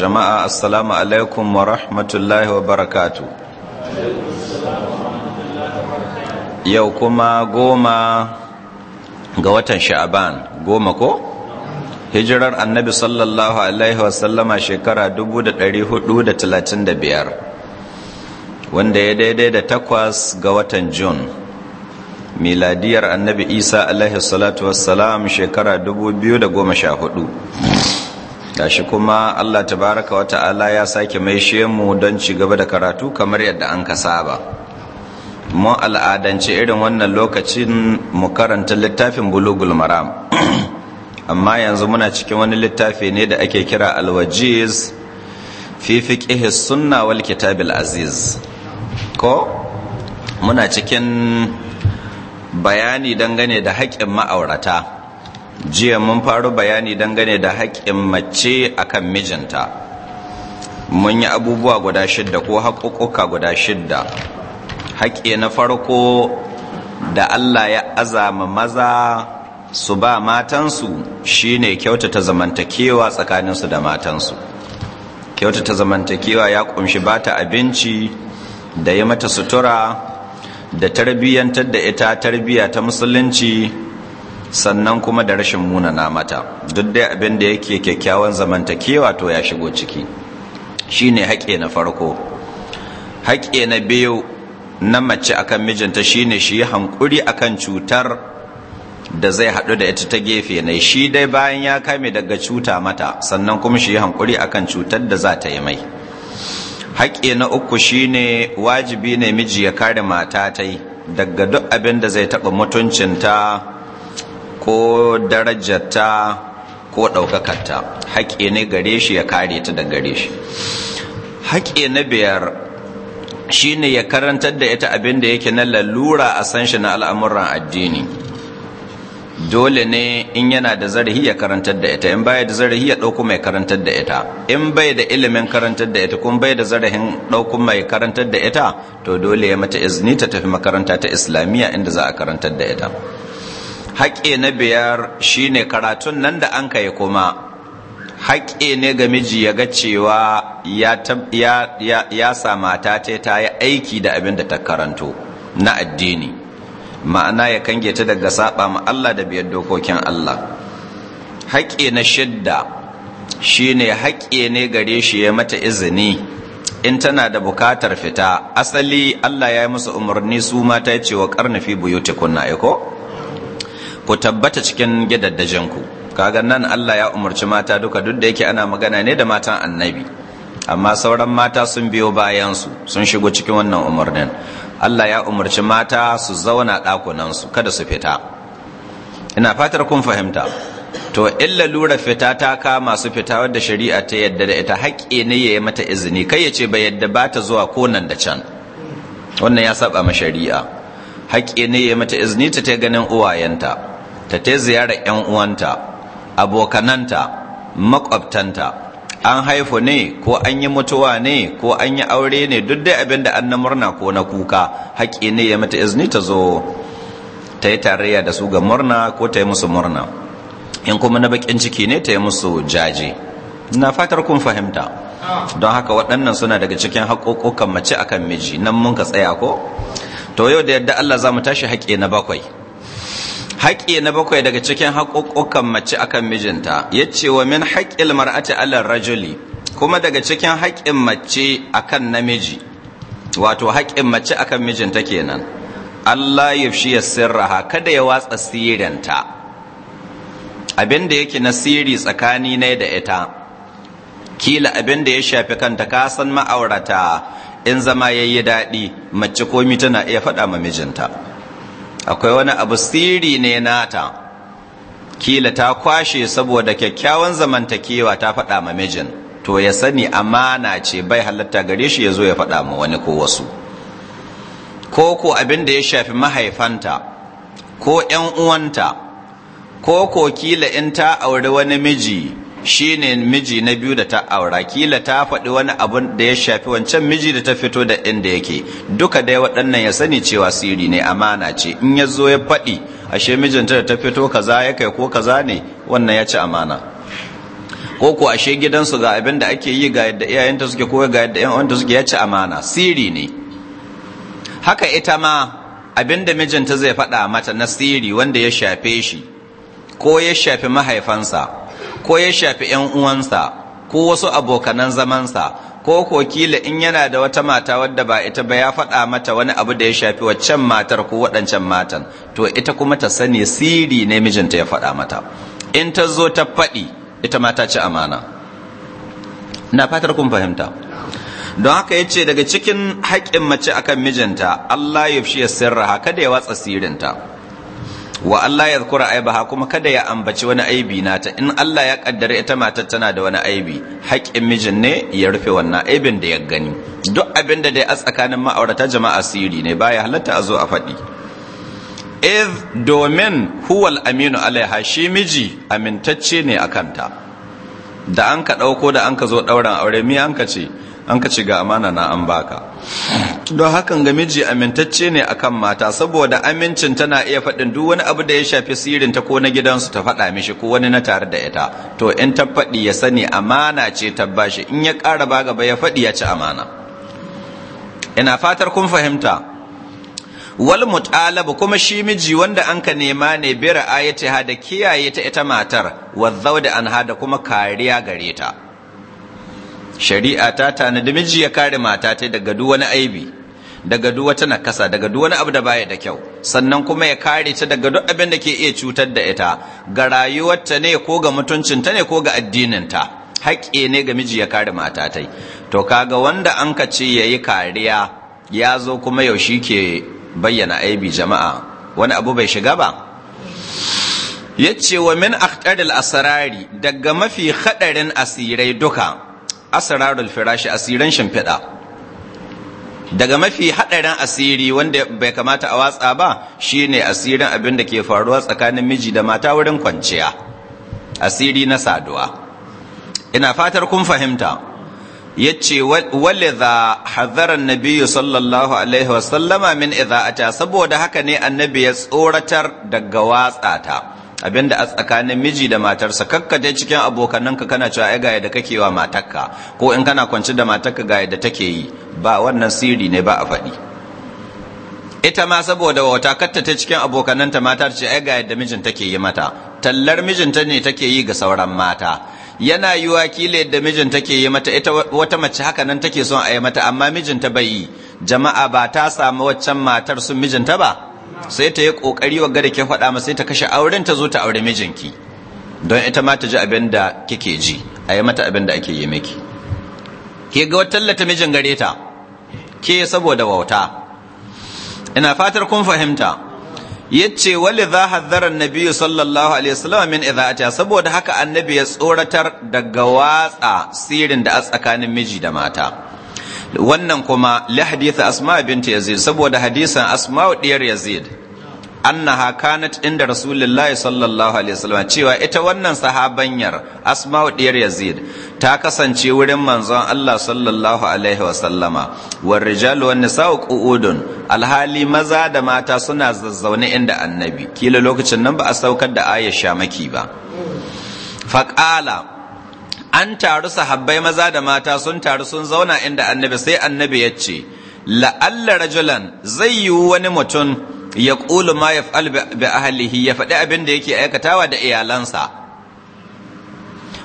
jama'a assalamu alaikum wa rahmatullahi wa barakatu yau kuma goma ga watan sha'aban goma ko hijirar annabi sallallahu alaihi wasallama shekara 435 wanda ya daidai da takwas ga watan Jun. miladiyar annabi isa alaihi salatu wassalam shekara 2014 tashi kuma Allah tabaraka wa ta'ala ya sake mai mu don ci gaba da karatu kamar yadda an ka saba mu al'adance irin wannan lokacin mu karanta littafin bulugul maram amma yanzu muna cikin wani littafi ne da ake kira alwajiz fi fiqh sunna wal kitabil aziz ko muna cikin bayani dangane da haƙƙin ma'aurata jiya mun faru bayani dangane da haƙƙin mace akan mijinta mun yi abubuwa guda shidda ko haƙuƙuka guda shidda haƙƙi na farko da allah ya azama maza su ba matansu shine kyautata zamantakewa tsakaninsu da matansu kyautata zamantakewa ya ƙunshi ba ta abinci da ya mata sutura da tarbiyyantar da ita tarbiyya ta musulunci sannan kuma da rashin munana mata duk dai abin da yake kyakkyawan zamantakewa to ya shigo ciki shine haƙe na farko haƙe na biyu na mace akan mijinta shine shi hankuri akan cutar da zai haɗu da ita ta gefe ne shi dai bayan ya kame daga cuta mata sannan kuma shi hankuri akan cutar da za ta yi mai haƙe na uku shine wajibi ne miji ya kare mata ta yi daga duk abin da zai taɓa mutuncinta ko darajarta ko ɗaukakarta haƙƙi ne gare shi ya kare ta da gare shi haƙƙi na biyar shine ya karantar da ita abin da yake na lalura a san shi na al'amuran addini dole ne in yana da zarahi ya karantar da ita in baya da zarahi ya ɗauku mai karantar da ita in bai da ilimin karantar da ita kuma bai da zarahin ɗauku mai karantar da ita to dole ya mata izini ta tafi makaranta ta islamiyya inda za a karantar da ita Haƙe na biyar shine karatun nan da an kai kuma Haƙe ne ga miji ya ga cewa ya sa mata ta yi aiki da abin da ta karanto na addini ma'ana ya kange ta daga saba ma Allah da biyar dokokin Allah Haƙe na shidda shine haƙe ne gare shi ya mata izini in tana da bukatar fita asali Allah ya yi musu umarni su mata ya ce wa ƙarnafi buyuti kunna aiko ku tabbata cikin gidaddajenku kaga nan Allah ya umarci mata duka duk da yake ana magana ne da matan annabi amma sauran mata sun biyo bayansu sun shigo cikin wannan umarnin Allah ya umarci mata su zauna ɗakunansu kada su fita ina fatar kun fahimta to illa lura fita ta kama su fita wadda shari'a ta yadda da ita haƙƙi ne ya yi mata izini kai ya ce ba yadda ba ta zuwa ko nan da can wannan ya saba ma shari'a haƙƙi ne ya yi mata izini ta ta ganin uwayenta ta ta ziyara 'yan uwanta abokananta makwabtanta an haifu ne ko an yi mutuwa ne ko an yi aure ne duk dai abin da an na murna ko na kuka haƙƙi ne ya mata izini ta zo ta yi tarayya da su ga murna ko ta yi musu murna in kuma na bakin ciki ne ta yi musu jaje na fatar kun fahimta don haka waɗannan suna daga cikin haƙoƙokan mace akan miji nan mun ka tsaya ko to yau da yadda Allah za mu tashi haƙe na bakwai haƙƙi na bakwai daga cikin haƙoƙokan mace akan mijinta ya ce wa min haƙƙil mar'ati alal rajuli kuma daga cikin haƙƙin mace akan namiji wato haƙƙin mace akan mijinta kenan Allah ya fi sirraha kada ya watsa sirinta abin da yake na siri tsakani ne da ita kila abin da ya shafi kanta ka san ma'aurata in zama ya yi daɗi mace komi tana iya faɗa ma mijinta akwai wani abu siri ne nata kila ta kwashe saboda kyakkyawan zamantakewa ta faɗa ma mijin to ya sani amana ce bai halatta gare shi ya zo ya faɗa ma wani ko wasu ko ko abin da ya shafi mahaifanta ko ‘yan uwanta ko ko kila in ta auri wani miji Shi ne miji na biyu da ta aura kila ta faɗi wani abun da ya shafi wancan miji da ta fito da inda yake duka dai waɗannan ya sani cewa sirri ne amana ce in ya zo ya faɗi ashe mijinta da ta fito kaza ya kai ko kaza ne wannan ya ci amana ko ko ashe gidansu ga abin da ake yi ga yadda iyayenta suke ko ga yadda ƴan uwanta suke ya ci amana sirri ne haka ita ma abin da mijinta zai faɗa mata na sirri wanda ya shafe shi ko ya shafi mahaifansa ko ya shafi ‘yan uwansa ko wasu abokanan zamansa ko ko in yana da wata mata wadda ba ita ba ya faɗa mata wani abu da ya shafi waccan matar ko waɗancan matan to ita kuma ta sani siri ne mijinta ya faɗa mata in ta zo ta faɗi ita ma ta ci amana na fatar kun fahimta don haka ya ce daga cikin haƙƙin mace akan mijinta Allah ya fi haka da ya watsa sirinta wa Allah ya zukura aibaha kuma kada ya ambaci wani aibi nata in Allah ya kaddara ita matar tana da wani aibi haƙƙin mijin ne ya rufe wannan aibin da ya gani duk abin da dai a tsakanin ma'aurata jama'a siri ne baya halatta a zo a faɗi if domin huwal aminu alaiha shi miji amintacce ne a kanta da an ka ɗauko da an ka zo ɗauran aure mi an ka ce an ka ce ga amana na an baka don hakan ga miji amintacce ne akan mata saboda amincin tana iya faɗin duk wani abu da ya shafi sirrin ta ko na gidansu ta faɗa mishi ko wani na tare da ita to in ta faɗi ya sani amana ce ta bashi in ya ƙara ba gaba ya faɗi ya ci amana ina fatar kun fahimta wal mutalab kuma shi miji wanda an ka nema ne bi ra'ayatiha da kiyaye ta ita matar wa zawda anha da kuma kariya gare ta shari'a ta tanadi miji ya kare mata ta daga duk wani aibi daga duk wata nakasa daga duk wani abu da baya da kyau sannan kuma ya kare ta daga duk abin da ke iya cutar da ita ga rayuwarta ne ko ga mutuncinta ne ko ga addinin ta haƙƙi ne ga miji ya kare mata ta to kaga wanda an ka ce yayi kariya ya zo kuma yaushe ke bayyana aibi jama'a wani abu bai shiga ba yace wa min akhtaril asrari daga mafi khadarin asirai duka asrarul firashi asirin shimfiɗa daga mafi haɗarin asiri wanda bai kamata a watsa ba shine asirin abin da ke faruwa tsakanin miji da mata wurin kwanciya asiri na saduwa ina fatar kun fahimta yace walidha hadhara an-nabiy sallallahu alaihi wasallama min ta. saboda haka ne annabi ya tsoratar daga watsa ta abinda a tsakanin miji da matarsa kakka dai cikin abokananka kana cewa ai ga da kake wa matarka ko in kana kwanci da matarka ga da take yi ba wannan sirri ne ba a faɗi ita ma saboda wauta katta ta cikin abokananta mata ce ai ga yadda mijin take yi mata tallar mijinta ne take yi ga sauran mata yana yiwa kila da mijin take yi mata ita wata mace haka nan take son a yi mata amma mijinta bai yi jama'a ba ta samu waccan matar sun mijinta ba sai ta yi kokari wagga da ke faɗa ma sai ta kashe auren ta zo ta aure mijinki don ita ma ta ji abin da kike ji a yi mata abin da ake yi miki ke ga wata tallata mijin gare ta ke saboda wauta ina fatar kun fahimta yace wali za hazzara annabi sallallahu alaihi wasallam min idaata saboda haka annabi ya tsoratar daga watsa sirrin da a tsakanin miji da mata wannan kuma li hadith asma binti yazid saboda hadisan asma diyar yazid annaha kanat inda rasulullahi sallallahu alaihi wasallam cewa ita wannan sahabanyar asma'u diyar yazid ta kasance wurin manzon Allah sallallahu alaihi wasallama war rijal wan nisa'u qu'udun alhali maza da mata suna zazzaune inda annabi kila lokacin nan ba a saukar da Aisha maki ba faqala an taru sahabbai maza da mata sun taru sun zauna inda annabi sai annabi ya ce la'alla rajulan zai yi wani mutum ya ƙulu ma ya fa'al bi ya faɗi abin da yake aikatawa da iyalansa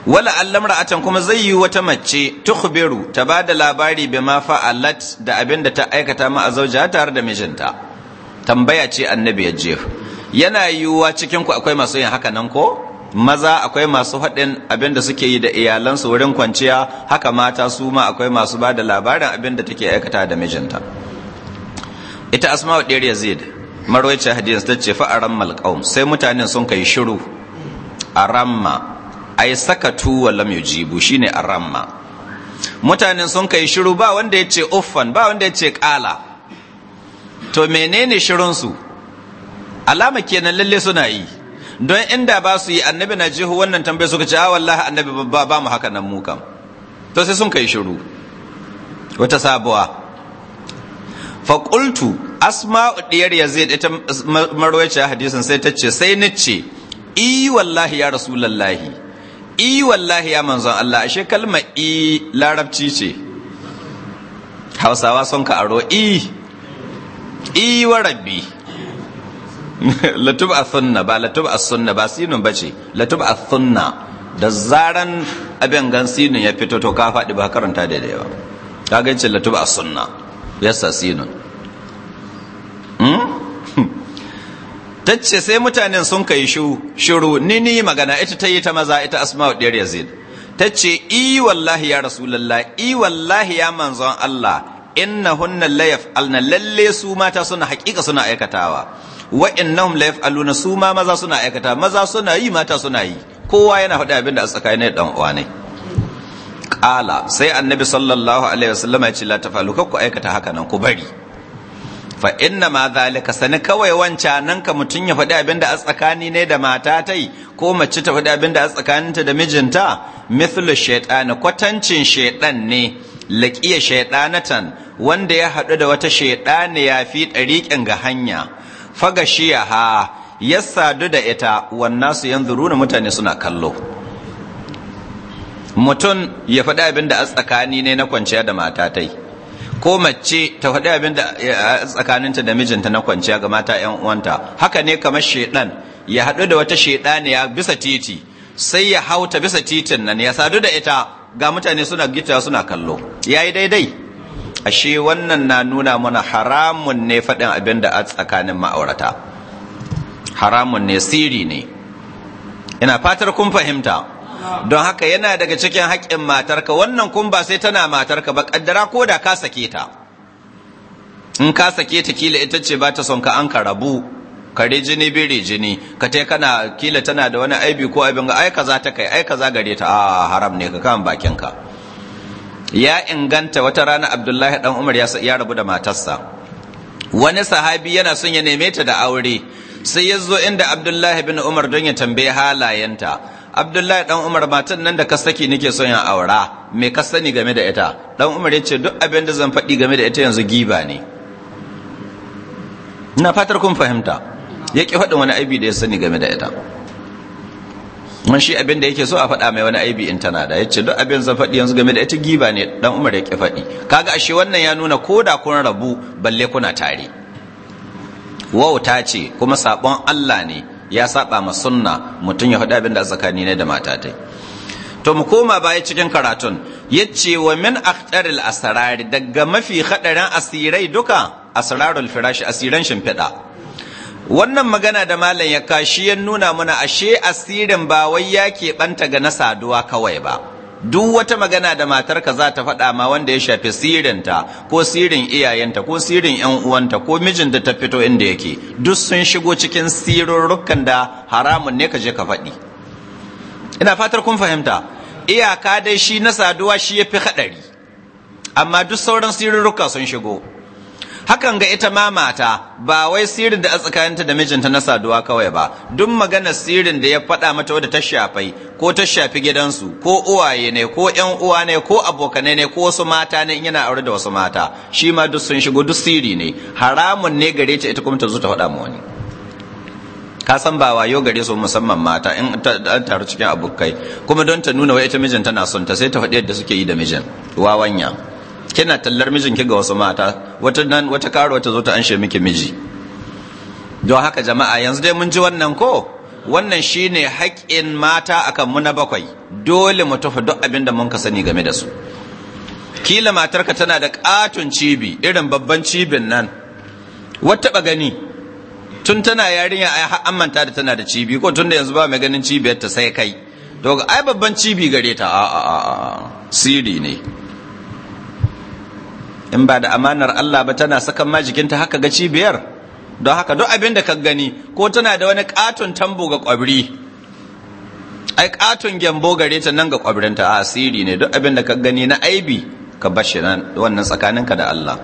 wala allam ra'atan kuma zai yi wata mace tukhbiru ta ba da labari bi ma fa'alat da abin da ta aikata ma azauja tare da mijinta tambaya ce annabi ya jefa yana yiwuwa cikin ku akwai masu yin haka nan ko maza akwai masu haɗin abin da suke yi da iyalansu wurin kwanciya haka mata su ma akwai masu ba da labarin abin da take aikata da mijinta ita asma'u ɗiyar yazid marwaicin hadis ta ce fa a arammal qaum sai mutanen sun kai shiru A aramma ai sakatu wa shi ne a ramma. mutanen sun kai shiru ba wanda ya ce uffan ba wanda ya ce ƙala to menene shirinsu? alama kenan lalle suna yi don inda ba su yi annabi na jihu wannan tambayi suka ce a ah, wallahi annabi ba ba mu haka nan muka to sai sun kai shiru wata sabuwa faƙultu asma'u diyar yazid ita a hadisin sai ta ce sai ni ce i wallahi ya rasulallahi i wallahi ya manzon Allah ashe kalma i larabci ce hausawa sun ka aro i i wa rabbi latub sunna, ba latub a sunna ba sinun ce. latub a sunna da zaran abin gan sinun ya fito to ka faɗi ba karanta da yawa ka ganci latub a sunna. Ya yasa sinun hmm? ce sai mutanen sun kai shiru ni ni magana ita ta yi ta maza ita asma ɗiyar yazid ta ce i wallahi ya rasulallah i wallahi ya manzon Allah inna hunna layaf alna lalle su mata suna hakika suna aikatawa Wa'in nan laif aluna su ma maza suna aikata maza suna yi mata suna yi kowa yana faɗi abin da a tsakanin dan uwa ne Ƙala. sai annabi sallallahu alaihi wasallam ya ce la tafalu ku aikata haka nan ku bari fa inna ma zalika sani kawai wanca nan ka mutun ya faɗi abin da a tsakani ne da mata tai ko mace ta faɗi abin da a tsakaninta da mijinta mithlu shaytan kwatancin shaytan ne laqiya shaytanatan wanda ya haɗu da wata shaytani ya fi ɗariƙin ga hanya ha ya sadu da ita wannan su runa mutane suna kallo mutum ya faɗi abin da a tsakani ne na kwanciya da matatai ko mace ta faɗi abin da a tsakaninta da mijinta na kwanciya ga mata 'yan uwanta haka ne kamar shaidan ya haɗu da wata shaidaniya bisa titi sai ya hauta bisa titin nan ya sadu da ita ga mutane suna gita suna kallo Ya yi daidai ashe wannan na nuna mana haramun ne faɗin abin da a tsakanin ma'aurata haramun ne siri ne ina fatar kun fahimta don haka yana daga cikin haƙƙin matarka wannan kun ba sai tana matarka ba ƙaddara ko da ka sake ta in ka sake ta kila ita ce ba ta son ka an ka rabu kare jini biri jini ka ta kana kila tana da wani aibi ko abin ga. ai kaza ta kai ai kaza gare ta a haram ne ka kan bakin ka ya inganta wata rana abdullahi dan umar ya rabu da matarsa wani sahabi yana son ya neme ta da aure sai ya zo inda abdullahi bin umar don ya tambaye halayenta abdullahi dan umar matan nan da ka saki nake son ya aura me ka sani game da ita dan umar ya ce duk abin da zan faɗi game da ita yanzu giba ne ina fatar kun fahimta ya ki faɗin wani aibi da ya sani game da ita mun shi abin da yake so a faɗa mai wani aibi in tana da yace duk abin zan faɗi yanzu game da ita giba ne dan Umar ya ki faɗi kaga ashe wannan ya nuna koda kun rabu balle kuna tare ta ce kuma sabon Allah ne ya saba ma sunna mutum ya faɗi abin da tsakani ne da mata ta to mu koma baya cikin karatun yace wa min akhtaril asrar daga mafi hadarin asirai duka asrarul firashi asiran shimfiɗa wannan magana da malam ya kashi ya nuna mana ashe asirin ba wai ya keɓanta ga na saduwa kawai ba duk wata magana da matarka za ta faɗa ma wanda ya shafi sirinta ko sirin iyayenta ko sirin yan uwanta ko mijin da ta fito inda yake duk sun shigo cikin sirurrukan da haramun ne ka je ka faɗi ina fatar kun fahimta iyaka dai shi na saduwa shi ya fi haɗari amma duk sauran sirurruka sun shigo hakan ga ita ma mata ba wai sirrin da a tsakaninta da mijinta na saduwa kawai ba duk magana sirrin da ya faɗa mata wadda ta shafai ko ta shafi gidansu ko uwaye ne ko ƴan uwa ne ko abokanai ne ko wasu mata ne in yana aure da wasu mata shi ma duk sun shigo duk sirri ne haramun ne gare ta ita kuma ta zo ta faɗa ma wani ka san ba wayo gare su musamman mata in ta taru cikin abokai kuma don ta nuna wai ita mijin tana son ta sai ta faɗi yadda suke yi da mijin wawanya kina tallar mijinki ga wasu mata wata nan wata karo ta zo ta anshe miki miji don haka jama'a yanzu dai mun ji wannan ko wannan shine haƙƙin mata akan mu na bakwai dole mu tafi duk abin da mun ka sani game da su kila matarka tana da ƙaton cibi irin babban cibin nan wata ba gani tun tana yarinya ai an manta da tana da cibi ko tun yanzu ba mai ganin cibiyar ta sai kai to ai babban cibi gare ta a a a ne in ba da amanar Allah ba tana sakan ma jikinta haka ga cibiyar don haka duk abin da ka gani ko tana da wani katon tambo ga kwabri ai katon gyambo gare ta nan ga kwabrinta a asiri ne duk abin da ka gani na aibi ka bashi nan wannan tsakaninka da Allah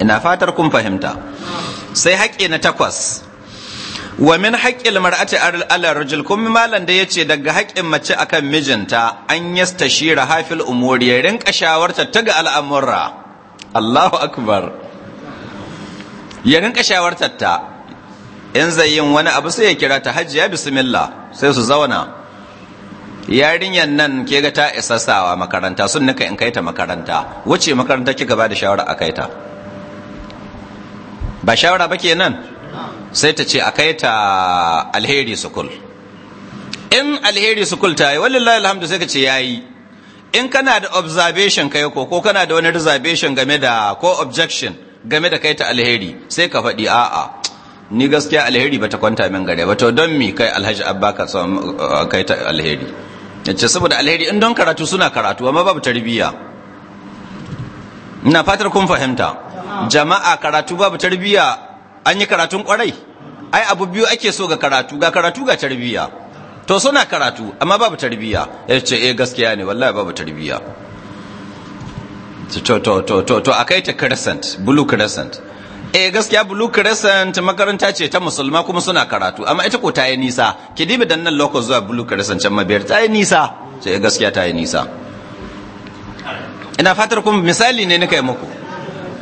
ina fatar kun fahimta sai haƙƙi na takwas wa min haƙƙil mar'ati ala rajul kuma malam da yace daga haƙƙin mace akan mijinta an yastashira hafil umuri ya rinka shawarta ta ga al'amurra Allahu akbar ya rinka shawartar ta in zai yin wani abu sai ya kira ta hajjiya bismillah sai su zauna yarinyar nan ke ga ta isa sawa makaranta sun nika in kai ta makaranta wuce makaranta kika ba da shawara a kai ta ba shawara ba kenan sai ta ce a kai ta alheri sukul in alheri sukul ta yi wallahi alhamdu sai ka ce yayi in kana da observation kai ko ko kana da wani reservation game da ko objection game da kai ta alheri sai ka faɗi a'a ni gaskiya alheri bata kwanta min gare ba to don mi kai alhaji abba ka uh, kai ta alheri yace saboda alheri in don karatu suna karatu amma babu tarbiyya ina fatar kun fahimta jama'a karatu babu tarbiyya an yi karatun kwarai ai abu biyu ake so ga karatu ga karatu ga tarbiyya to suna karatu amma babu tarbiyya ya ce eh gaskiya ne wallahi babu tarbiyya to to to to to akai ta crescent blue crescent eh gaskiya blue crescent makaranta ce ta musulma kuma suna karatu amma ita ko ta yi nisa ki dibi dan nan lokacin zuwa blue crescent can mabiyar ta yi nisa ce eh, gaskiya ta yi nisa ina fatar kuma misali ne nika yi muku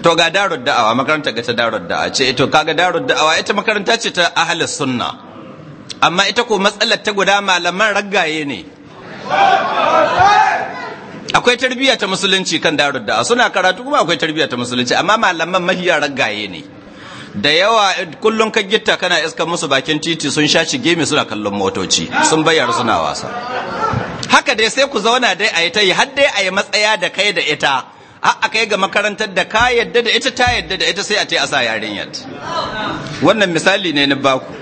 to ga darud da'awa makaranta ga ta darud da'a ce eh, to kaga darud da'awa ita makaranta ce ta ahlus sunna amma ita ko matsalar ta guda malaman raggaye ne akwai tarbiyya ta musulunci kan darud da suna karatu kuma akwai tarbiyya ta musulunci amma malaman mahiya raggaye ne da yawa kullum ka gitta kana iska musu bakin titi sun sha shige mai suna kallon motoci sun bayar suna wasa haka dai sai ku zauna dai a yi ta yi har dai a yi matsaya da kai da ita a kai ga makarantar da ka yadda da ita ta yadda da ita sai a ce a sa yarinyar wannan misali ne na baku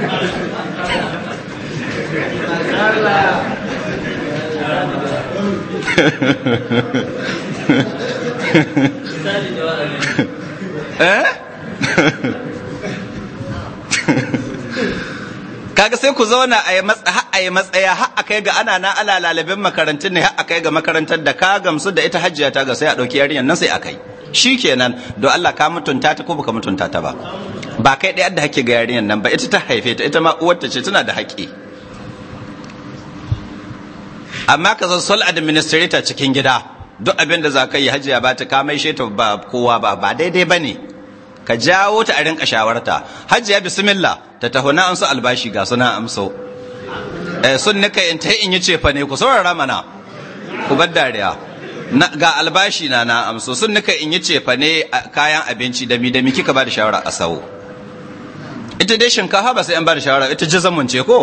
Eh? kaga sai ku zauna a yi matsaya har a kai ga ana na ala lalabin makarantun ne har a kai ga makarantar da ka gamsu da ita hajjiya ta ga sai a ɗauki yarinyar nan sai a kai shi kenan Do Allah ka mutunta ta ko baka mutunta ta ba ba kai ɗaya da haƙƙi ga yarinyar nan ba ita ta haife ta ita ma uwarta ce tana da haƙƙi amma ka zan sole administrator cikin gida duk abin da za ka yi hajiya ba ta kamai sheta ba kowa ba ba daidai ba ne ka jawo ta a rinka shawarta hajiya bismillah ta taho na amsa albashi ga suna amso eh, sun nika in ta in yi cefa ne ku saurara mana ku bar dariya ga albashi na na amso sun nika in yi cefa ne kayan abinci dami dami kika ba da shawara a sau ita dai shinkafa ba sai an ba da shawara ita jazamun ce ko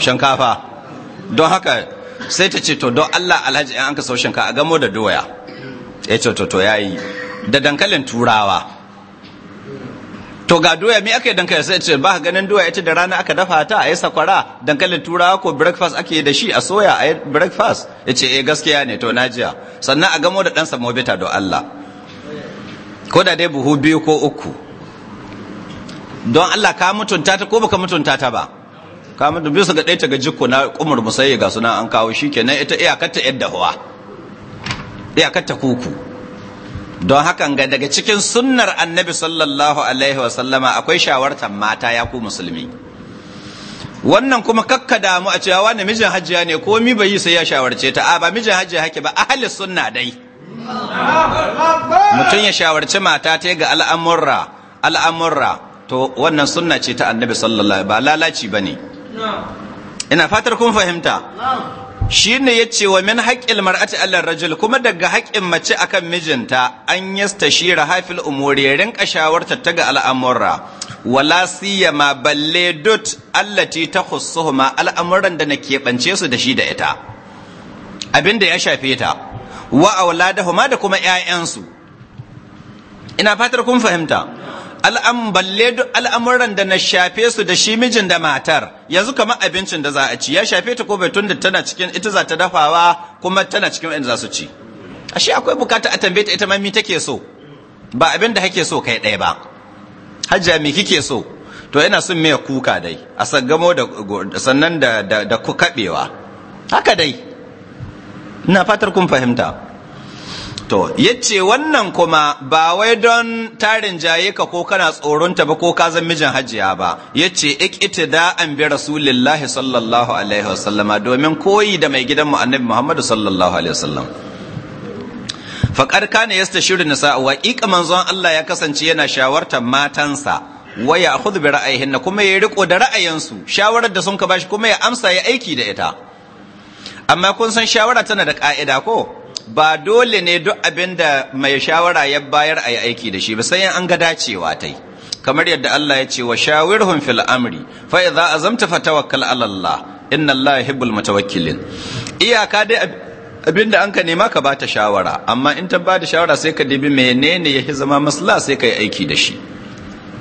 shinkafa don haka sai ta ce to don Allah alhaji an ka sau shinka a gamo da doya ya ce to to yayi da dankalin turawa to ga doya me aka yi dankalin sai ce ba ganin doya ita da rana aka dafa ta a yi sakwara dankalin turawa ko breakfast ake yi da shi a soya a yi breakfast ya ce eh gaskiya ne to na jiya sannan a gamo da dan samobita don Allah ko da dai buhu biyu ko uku don Allah ka mutunta ta ko baka mutunta ta ba ka mutunta bisa ga ɗaya na kumur musayi ga suna an kawo shi kenan ita iyakar ta yadda huwa iyakar ta kuku don hakan ga daga cikin sunnar annabi sallallahu alaihi wasallama akwai shawartar mata ya ku musulmi wannan kuma kakka damu a cewa wani mijin hajjiya ne ko mi bai yi sai ya shawarce ta a ba mijin hajjiya hake ba ahli sunna dai mutum ya shawarci mata ta ga al'amurra al'amurra to wannan sunna ce ta annabi sallallahu ba lalaci ba ne ina fatar kun fahimta shi ne ya ce wa min haƙƙin mar'ati allar rajul kuma daga haƙƙin mace akan mijinta an yastashira hafil umuri ya rinka shawarta ta ga al'amurra wala siyama balle dut allati ta khussuhuma al'amuran da na keɓance su da shi da ita abinda ya shafe ta wa huma da kuma 'ya'yansu ina fatar kun fahimta duk al'amuran da na shafe su da shi mijin da matar yanzu kamar abincin da za a ci ya shafe ta kobe tun da tana cikin ita za ta dafawa kuma tana cikin wanda za su ci ashe akwai bukata a tambaye ita mami take so ba abin da hake so kai ɗaya ba hajja mi kike so to yana son mai kuka dai a sagamo da sannan da da, kaɓewa, haka dai ina fatar kun fahimta to yace wannan kuma ba wai don tarin jaye ka ko kana tsoron ta ba ko ka zan mijin hajiya ba yace an bi Rasulullahi sallallahu alaihi wasallama domin koyi da mai gidan mu annabi Muhammadu sallallahu alaihi wasallam faƙar kana yasta shirin nisa wa manzon Allah ya kasance yana shawartar matansa waya a bi ra'ayihin kuma ya riko da ra'ayinsu shawarar da sun ka bashi kuma ya amsa ya aiki da ita amma kun san shawara tana da ƙa'ida ko ba dole ne duk abin da mai shawara ya bayar a yi aiki da shi ba sai an ga dacewa ta yi kamar yadda Allah ya ce wa shawirhum fil amri fa idza azamta fatawakkal ala Allah inna Allah yuhibbul mutawakkilin iyaka dai abin da an ka nema ka bata shawara amma in ta bada shawara sai ka dibi menene ya zama masla sai ka yi aiki da shi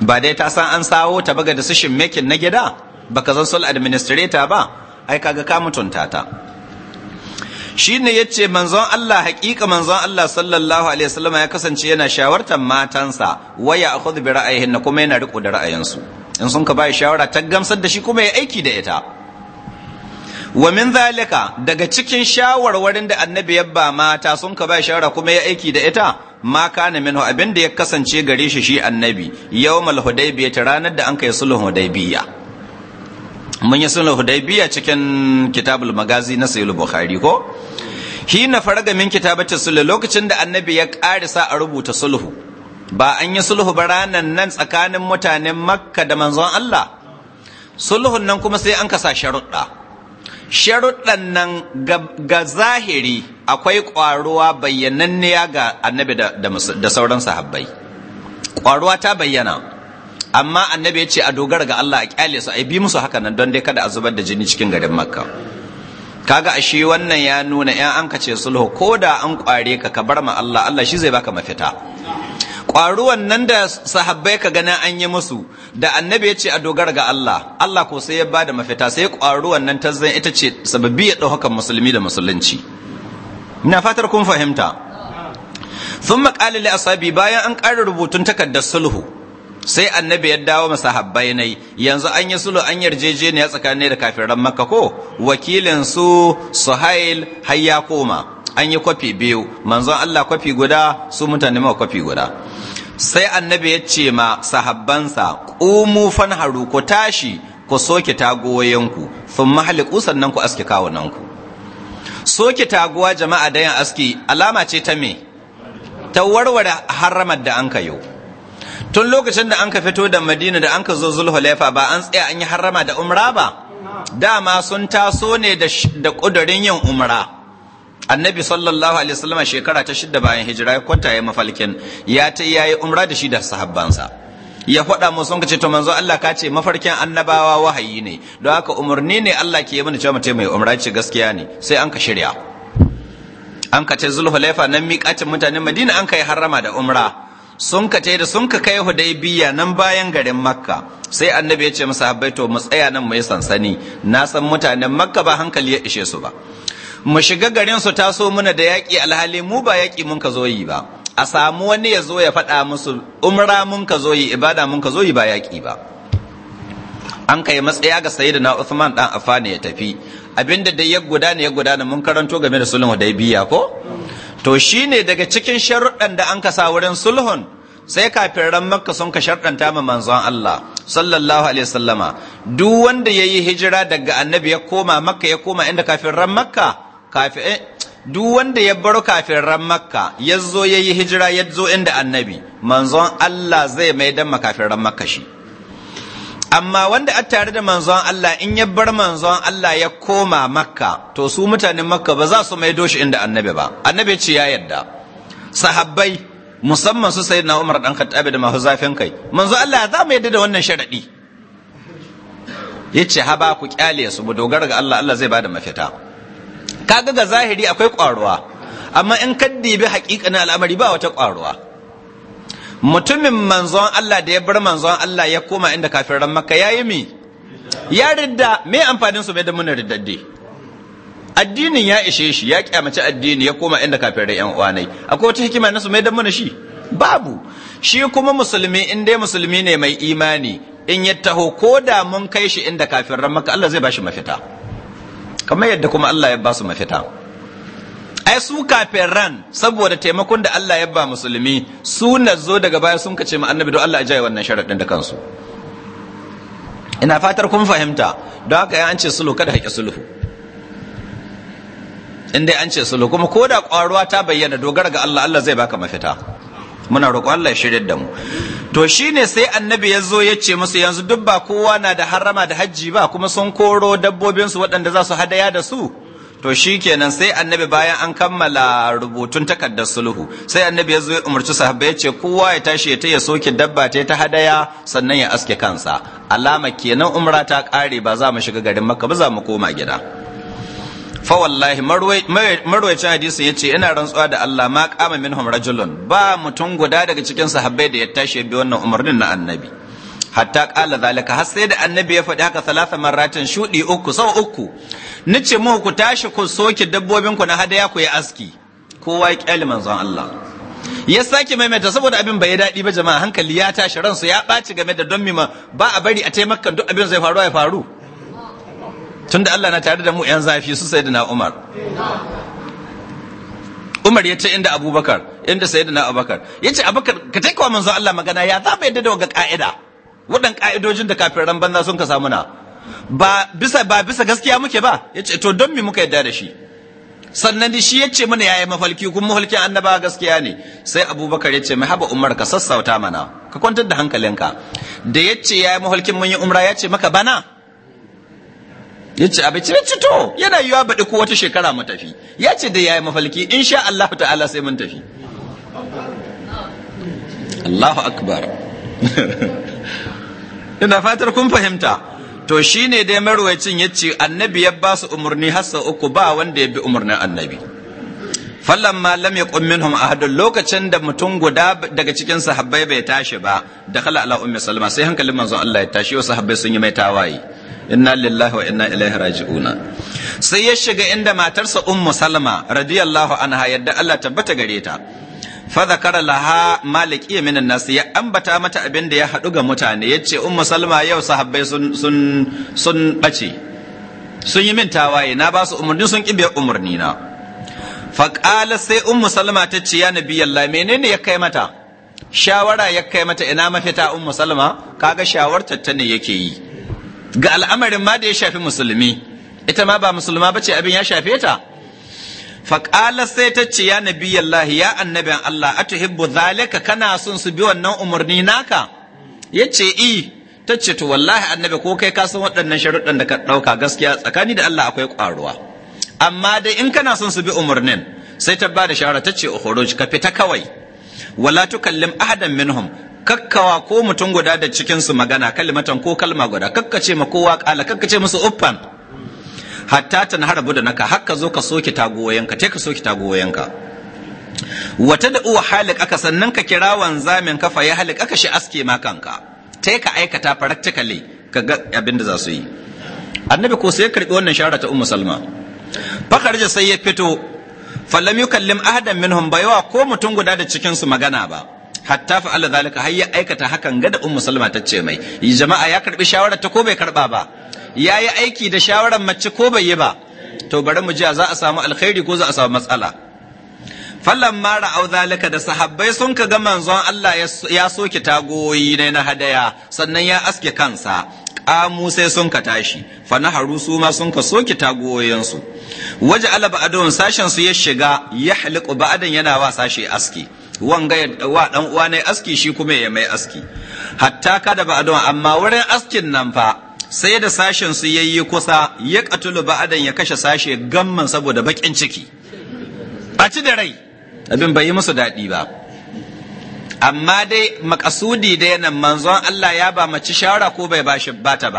ba dai ta san an sawo ta baga da makin making na gida baka zan sul administrator ba ai kaga ka mutunta ta Shi ne ya ce manzon Allah haƙiƙa manzon Allah sallallahu alaihi wasallam ya kasance yana shawartar matansa waya a kudu bi na kuma yana riko da ra'ayinsu in sun ka bai shawara ta gamsar da shi kuma ya aiki da ita wa min zalika daga cikin shawarwarin da annabi ya ba mata sun ka bai shawara kuma ya aiki da ita ma kana minhu abin da ya kasance gare shi shi annabi yawmal hudaybiyah ranar da an kai sulhun hudaybiyah mun yi sulhu hudaybiya cikin kitabul magazi na sayyid bukhari ko na faraga min kitabati sulhu lokacin da annabi ya karisa a rubuta sulhu ba an yi sulhu ba ranar nan tsakanin mutanen makka da manzon Allah sulhun nan kuma sai an kasa sharuɗa sharuɗan nan ga zahiri akwai ƙwaruwa bayyananniya ga annabi da sauran sahabbai ƙwaruwa ta bayyana amma annabi ya ce a dogara ga Allah a kyale su a bi musu haka nan don dai kada a zubar da jini cikin garin makka kaga ashe wannan ya nuna yan an kace sulhu ko da an kware ka ka bar ma Allah Allah shi zai baka mafita kwaruwan nan da sahabbai ka gana an yi musu da annabi ya ce a dogara ga Allah Allah ko sai ya bada mafita sai kwaruwan nan ta zan ita ce sababi ya dauka musulmi da musulunci ina fatar kun fahimta ثم قال a بايا bayan an ربوتن rubutun takardar sulhu sai annabi ya dawo masahabbai nai yanzu an yi sulu an yarjejeniya tsakanin da kafiran makka ko wakilin su suhail har ya koma an yi kwafi biyu manzon Allah kwafi guda su mutane ma kwafi guda sai annabi ya ce ma sahabbansa ƙumu fanharu ku tashi ku soke tagoyenku sun mahaliku sannan ku aske ku. soke taguwa jama'a dayan aski alama ce ta me ta warware haramar da an kayo tun lokacin da an ka fito da madina da an ka zo zulhulaifa ba an tsaya an yi harama da umra ba dama sun taso ne da ƙudurin yin umra annabi sallallahu alaihi wasallam shekara ta shidda bayan hijira ya kwanta ya mafalkin ya ta yi umra da shi da sahabbansa ya faɗa mu sun kace to manzo Allah ka ce mafarkin annabawa wahayi ne don haka umarni ne Allah ke yi mana cewa mutum mai umra ce gaskiya ne sai an ka shirya an ka ce zulhulaifa nan miƙacin mutanen madina an ka yi harama da umra sun ka da sun ka kai hudaybiya nan bayan garin makka sai annabi ya ce masahabbai to mu tsaya nan mu yi sansani na san mutanen makka ba hankali ya ishe su ba mu shiga garin su taso muna da yaƙi alhali mu ba yaƙi mun ka zo yi ba a samu wani ya zo ya faɗa musu umra mun ka zo yi ibada mun ka zo yi ba yaƙi ba an kai matsaya ga sayyidina Usman dan Affan ya tafi abinda dai ya gudana ya gudana mun karanto game da sulhun biya ko to shi ne daga cikin sharuɗan da an kasa wurin sulhun sai ran makka sun ka sharɗanta ma manzon Allah sallallahu alaihi wasallama duk wanda yayi hijira daga annabi ya koma makka ya koma inda kafiran makka kafi eh, duk wanda ya baro kafiran makka yazo zo ya yi hijira ya zo inda annabi manzon Allah zai mai dan ran makka shi amma wanda a tare da manzon Allah in ya bar manzon Allah ya koma makka to su mutanen makka ba za su maido shi inda annabi ba annabi ce ya yadda sahabbai musamman su sayyidina Umar dan Khattab da masu zafin kai manzo Allah za mu yadda da wannan sharadi yace ba ku kyale su bu dogara ga Allah Allah zai bada mafita kaga ga zahiri akwai kwaruwa amma in bi haƙiƙanin al'amari ba wata kwaruwa mutumin manzon Allah da ya bar manzon Allah ya koma inda kafiran makka yi mi ya ridda me amfanin su bai da muna riddadde addinin ya ishe shi ya kyamace addini ya koma inda kafiran yan uwanai akwai wata hikima na su mai da muna shi babu shi kuma musulmi in dai musulmi ne mai imani in ya taho ko da mun kai shi inda kafiran maka Allah zai ba shi mafita kamar yadda kuma Allah ya ba su mafita ai su kafin ran saboda taimakon da Allah ya ba musulmi su zo daga baya sun kace ma annabi don Allah ya jaye wannan sharadin da kansu ina fatar kun fahimta don haka ya an ce sulhu kada haƙi sulhu in dai an ce sulhu kuma ko da ƙwaruwa ta bayyana dogara ga Allah Allah zai baka mafita muna roƙo Allah ya shirya da mu to shine sai annabi ya zo ya ce musu yanzu duk ba kowa na da harama da hajji ba kuma sun koro dabbobinsu waɗanda za su hadaya da su to shi kenan sai annabi bayan an kammala rubutun takardar sulhu sai annabi ya zo ya umarci sahabbai ya ce kowa ya tashi ya ya soke dabba ta ta hadaya sannan ya aske kansa alama kenan umra ta kare ba za mu shiga garin makka ba za mu koma gida fa wallahi marwayacin hadisi ya ce ina rantsuwa da Allah ma kama minhum rajulun ba mutum guda daga cikin sahabbai da ya tashi ya bi wannan umarnin na annabi hatta kala zalika har sai da annabi ya faɗi haka salasa maratin shudi uku sau uku nace mu ku tashi ku soke dabbobin ku na hadaya ku yi aski kowa ya kyale manzon Allah ya sake maimaita saboda abin bai daɗi ba jama'a hankali ya tashi ransu ya ɓaci game da don mima ba a bari a taimakan duk abin zai faru ya faru tunda Allah na tare da mu yan zafi su sai na Umar Umar ya ce inda Abubakar inda sai na Abubakar ya ce Abubakar ka taikawa manzon Allah magana ya za yadda da ga ka'ida waɗan ƙa'idojin da kafiran banza sun ka samu na ba bisa bisa gaskiya muke ba ya ce to don mi muka yarda da shi sannan shi ya ce mana yayi mafalki kun mafalkin annaba gaskiya ne sai abubakar ya ce mai haba umar ka sassauta mana ka kwantar da hankalinka da ya ce yi mafalkin mun yi umra ya ce maka bana ya ce abinci ya ci to yana yiwa baɗi ko wata shekara mu tafi ya ce da yi mafalki insha Allah ta'ala sai mun tafi Allahu akbar ina fatar kun fahimta to shine dai marwayacin yace annabi ya ba su umarni hassa uku ba wanda ya bi umarnin annabi ma lam yaqum minhum ahad lokacin da mutum guda daga cikin sahabbai bai tashi ba dakhala ala ummi salama sai hankalin manzon Allah ya tashi wasu sahabbai sun yi mai tawaye inna lillahi wa inna ilaihi raji'una sai ya shiga inda matarsa ummu salama radiyallahu anha yadda Allah tabbata gare ta fa zakara laha maliki minan ya ambata mata abin da ya haɗu ga mutane yace ummu salma yau sahabai sun sun sun bace sun yi min tawaye na ba su sun kibe umarni na fa sai ummu salma ta ce ya nabiyallah menene ya kai mata shawara ya kai mata ina mafita un salma kaga shawarta ta ne yake yi ga al'amarin ma da ya shafi musulmi ita ma ba musulma bace abin ya shafe ta faƙala sai ta ce ya nabiyallahi ya annabin Allah a tuhibbu zalika kana son su bi wannan umarni naka ya ce i e. ta ce to wallahi annabi ko kai ka san waɗannan sharuɗan da ka ɗauka gaskiya tsakani da Allah akwai ƙwaruwa amma dai in kana son su bi umarnin sai ta bada da shawara ta ce ukhruj ka fita kawai wala tukallim ahadan minhum kakkawa ko mutum guda da cikin su magana kalimatan ko kalma guda kakkace ma kowa kala kakkace musu uffan hatta na harabu da naka hakka zo ka soke tagowayenka te ka soke tagowayenka wata da uwa halik aka sannan ka kira wanzamin kafa ya halik aka shi aske ma kanka te ka aikata practically ka ga abin da za su yi annabi ko sai karbi wannan shara ta ummu salma fakarja sai ya fito fallam yukallim ahadan minhum baiwa ko mutum guda da cikin su magana ba hatta fa Allah zalika har ya aikata hakan ga da ummu salma ta ce mai jama'a ya karbi shawara ta ko bai karba ba ya yi aiki da shawarar mace ko bai yi ba to bari mu ji za a samu alkhairi ko za a samu matsala fallan mara au zalika da sahabbai sun ka ga manzon Allah ya soke tagoyi ne na hadaya sannan ya aske kansa kamu sai sun ka tashi fa Haru su ma sun ka soke tagoyoyinsu waje alaba adon sashen su ya shiga ya haliku ba'adan yana wa sashe aski wanga wa dan uwa ne aski shi kuma ya mai aski hatta da ba'adon amma wurin askin nan fa sai da sashen su yayi kusa ya katulu ba'adan ya kashe sashe gamman saboda bakin ciki ci da rai abin bai yi musu daɗi ba amma dai makasudi da yanan manzon Allah ya ba mace shawara ko bai ba shi ba ta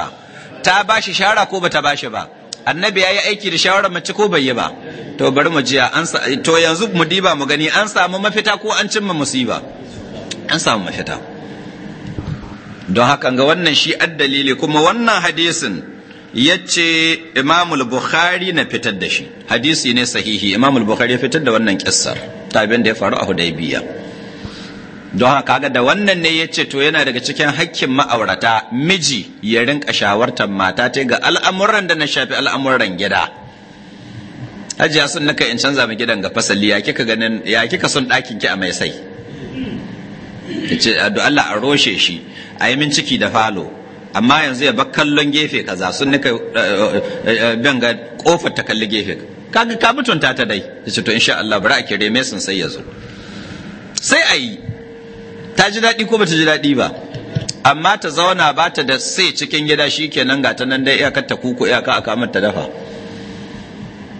ba shi shawara ko ba ta ba shi ba? annabi yayi aiki da shawarar mace ko bai yi ba to bari mu jiya an to yanzu mu diba mu gani an samu mafita ko an cimma musiba an samu mafita don haka ga wannan shi dalili, kuma wannan hadisin yace imamul bukhari na fitar da shi hadisi ne sahihi imamul bukhari ya fitar da wannan kissar tabin da ya faru a hudaybiya don haka ga da wannan ne ya ce to yana daga cikin hakkin ma'aurata miji ya rinka shawartar mata ta ga al'amuran da na shafi al'amuran gida hajiya sun naka in canza mu gidan ga fasali ya kika ganin ya kika son ɗakin ki a mai sai ce Allah a roshe shi a yi min ciki da falo amma yanzu ya bar kallon gefe kaza sun nika eh, eh, eh, ben ga kofar ta kalli gefe kaga ka mutunta ta dai ya ce to insha Allah bari a kire me sun sai ya zo sai a yi ta ji daɗi ko bata ji daɗi ba amma ta zauna ba ta da sai cikin gida shi nan ga ta nan dai iyakar ta kuku iyaka kamar ta dafa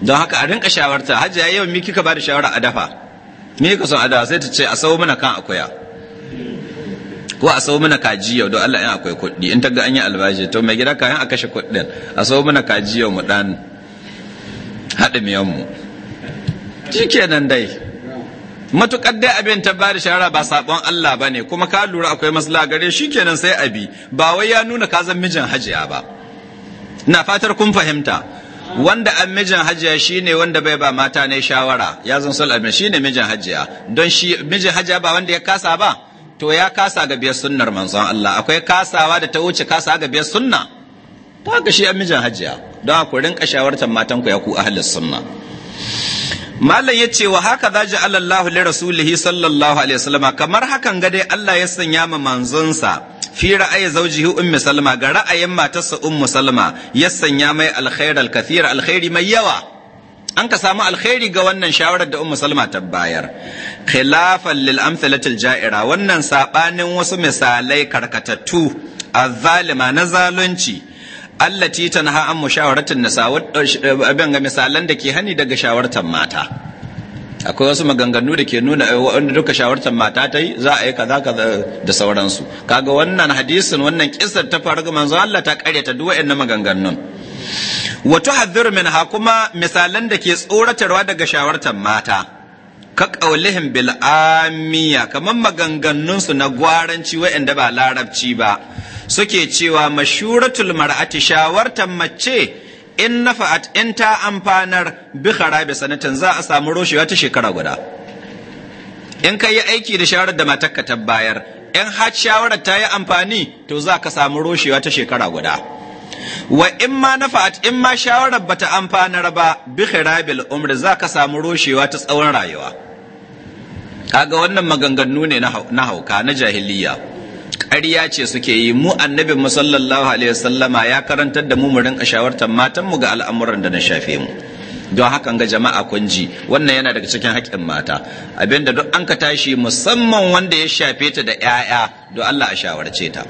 don haka a rinka shawarta hajiya yau mi kika ba da shawara a dafa me ka son a dafa sai ta ce a sau mana kan akuya ko a sau mana kaji yau don Allah in akwai kuɗi in ta ga an yi albashi to mai gida kayan a kashe kuɗin a sau mana kaji yau mu ɗan haɗa miyan mu shikenan dai matukar dai abin ta bada shara ba sabon Allah ba ne kuma ka lura akwai masala gare shi kenan sai abi ba wai ya nuna ka zan mijin hajiya ba na fatar kun fahimta wanda an mijin hajiya shi ne wanda bai ba mata ne shawara ya zan sul shi ne mijin hajiya don shi mijin hajiya ba wanda ya kasa ba to ya kasa ga biyar sunnar manzon Allah akwai kasawa da ta wuce kasa ga biyar sunna ta haka shi mijin hajiya don ku rinka shawartar matan ku ya ku ahlus sunna Malam ya ce wa haka za ji Allah li rasulihi sallallahu alaihi kamar hakan ga dai Allah ya sanya ma manzonsa fi ra'ayi zawjihi ummu salma ga ra'ayin matarsa ummu salma ya sanya mai alkhairal alkathira alkhairi mai yawa an ka samu alkhairi ga wannan shawarar da ummu salma ta bayar khilafan lil amsalatil ja'ira wannan sabanin wasu misalai karkatattu azzalima na zalunci allati tanha an mushawaratin nisa eh, abin ga misalan da ke hani daga shawartar mata akwai wasu maganganu da ke nuna eh, wanda duka shawartar mata ta yi za a yi kaza kaza da sauransu kaga wannan hadisin wannan kisar ta faru ga manzo Allah ta karyata duk waɗannan maganganun wa tuhadhdhiru minha kuma misalan da ke tsoratarwa daga shawartar mata ka qaulihim bil amiya kaman maganganun su na gwaranci waɗanda ba larabci ba suke cewa mashuratul mar'ati shawartar mace in nafa'at in ta amfanar bi kharabi sanatan za a samu roshewa ta shekara guda in ka yi aiki da shawarar da matarka ta bayar in har shawarar ta yi amfani to za ka samu roshewa ta shekara guda wa in ma nafa'at in ma shawarar bata amfanar ba bi khirabil umri za ka samu roshewa ta tsawon rayuwa kaga wannan maganganu ne na hauka na jahiliya ƙarya ce suke yi mu annabi mu sallallahu alaihi wasallama ya karantar da mu mu rinka shawartar matanmu ga al'amuran da na shafe mu don hakan ga jama'a kun ji wannan yana daga cikin haƙƙin mata abinda duk an ka tashi musamman wanda ya shafe ta da 'ya'ya don Allah a shawarce ta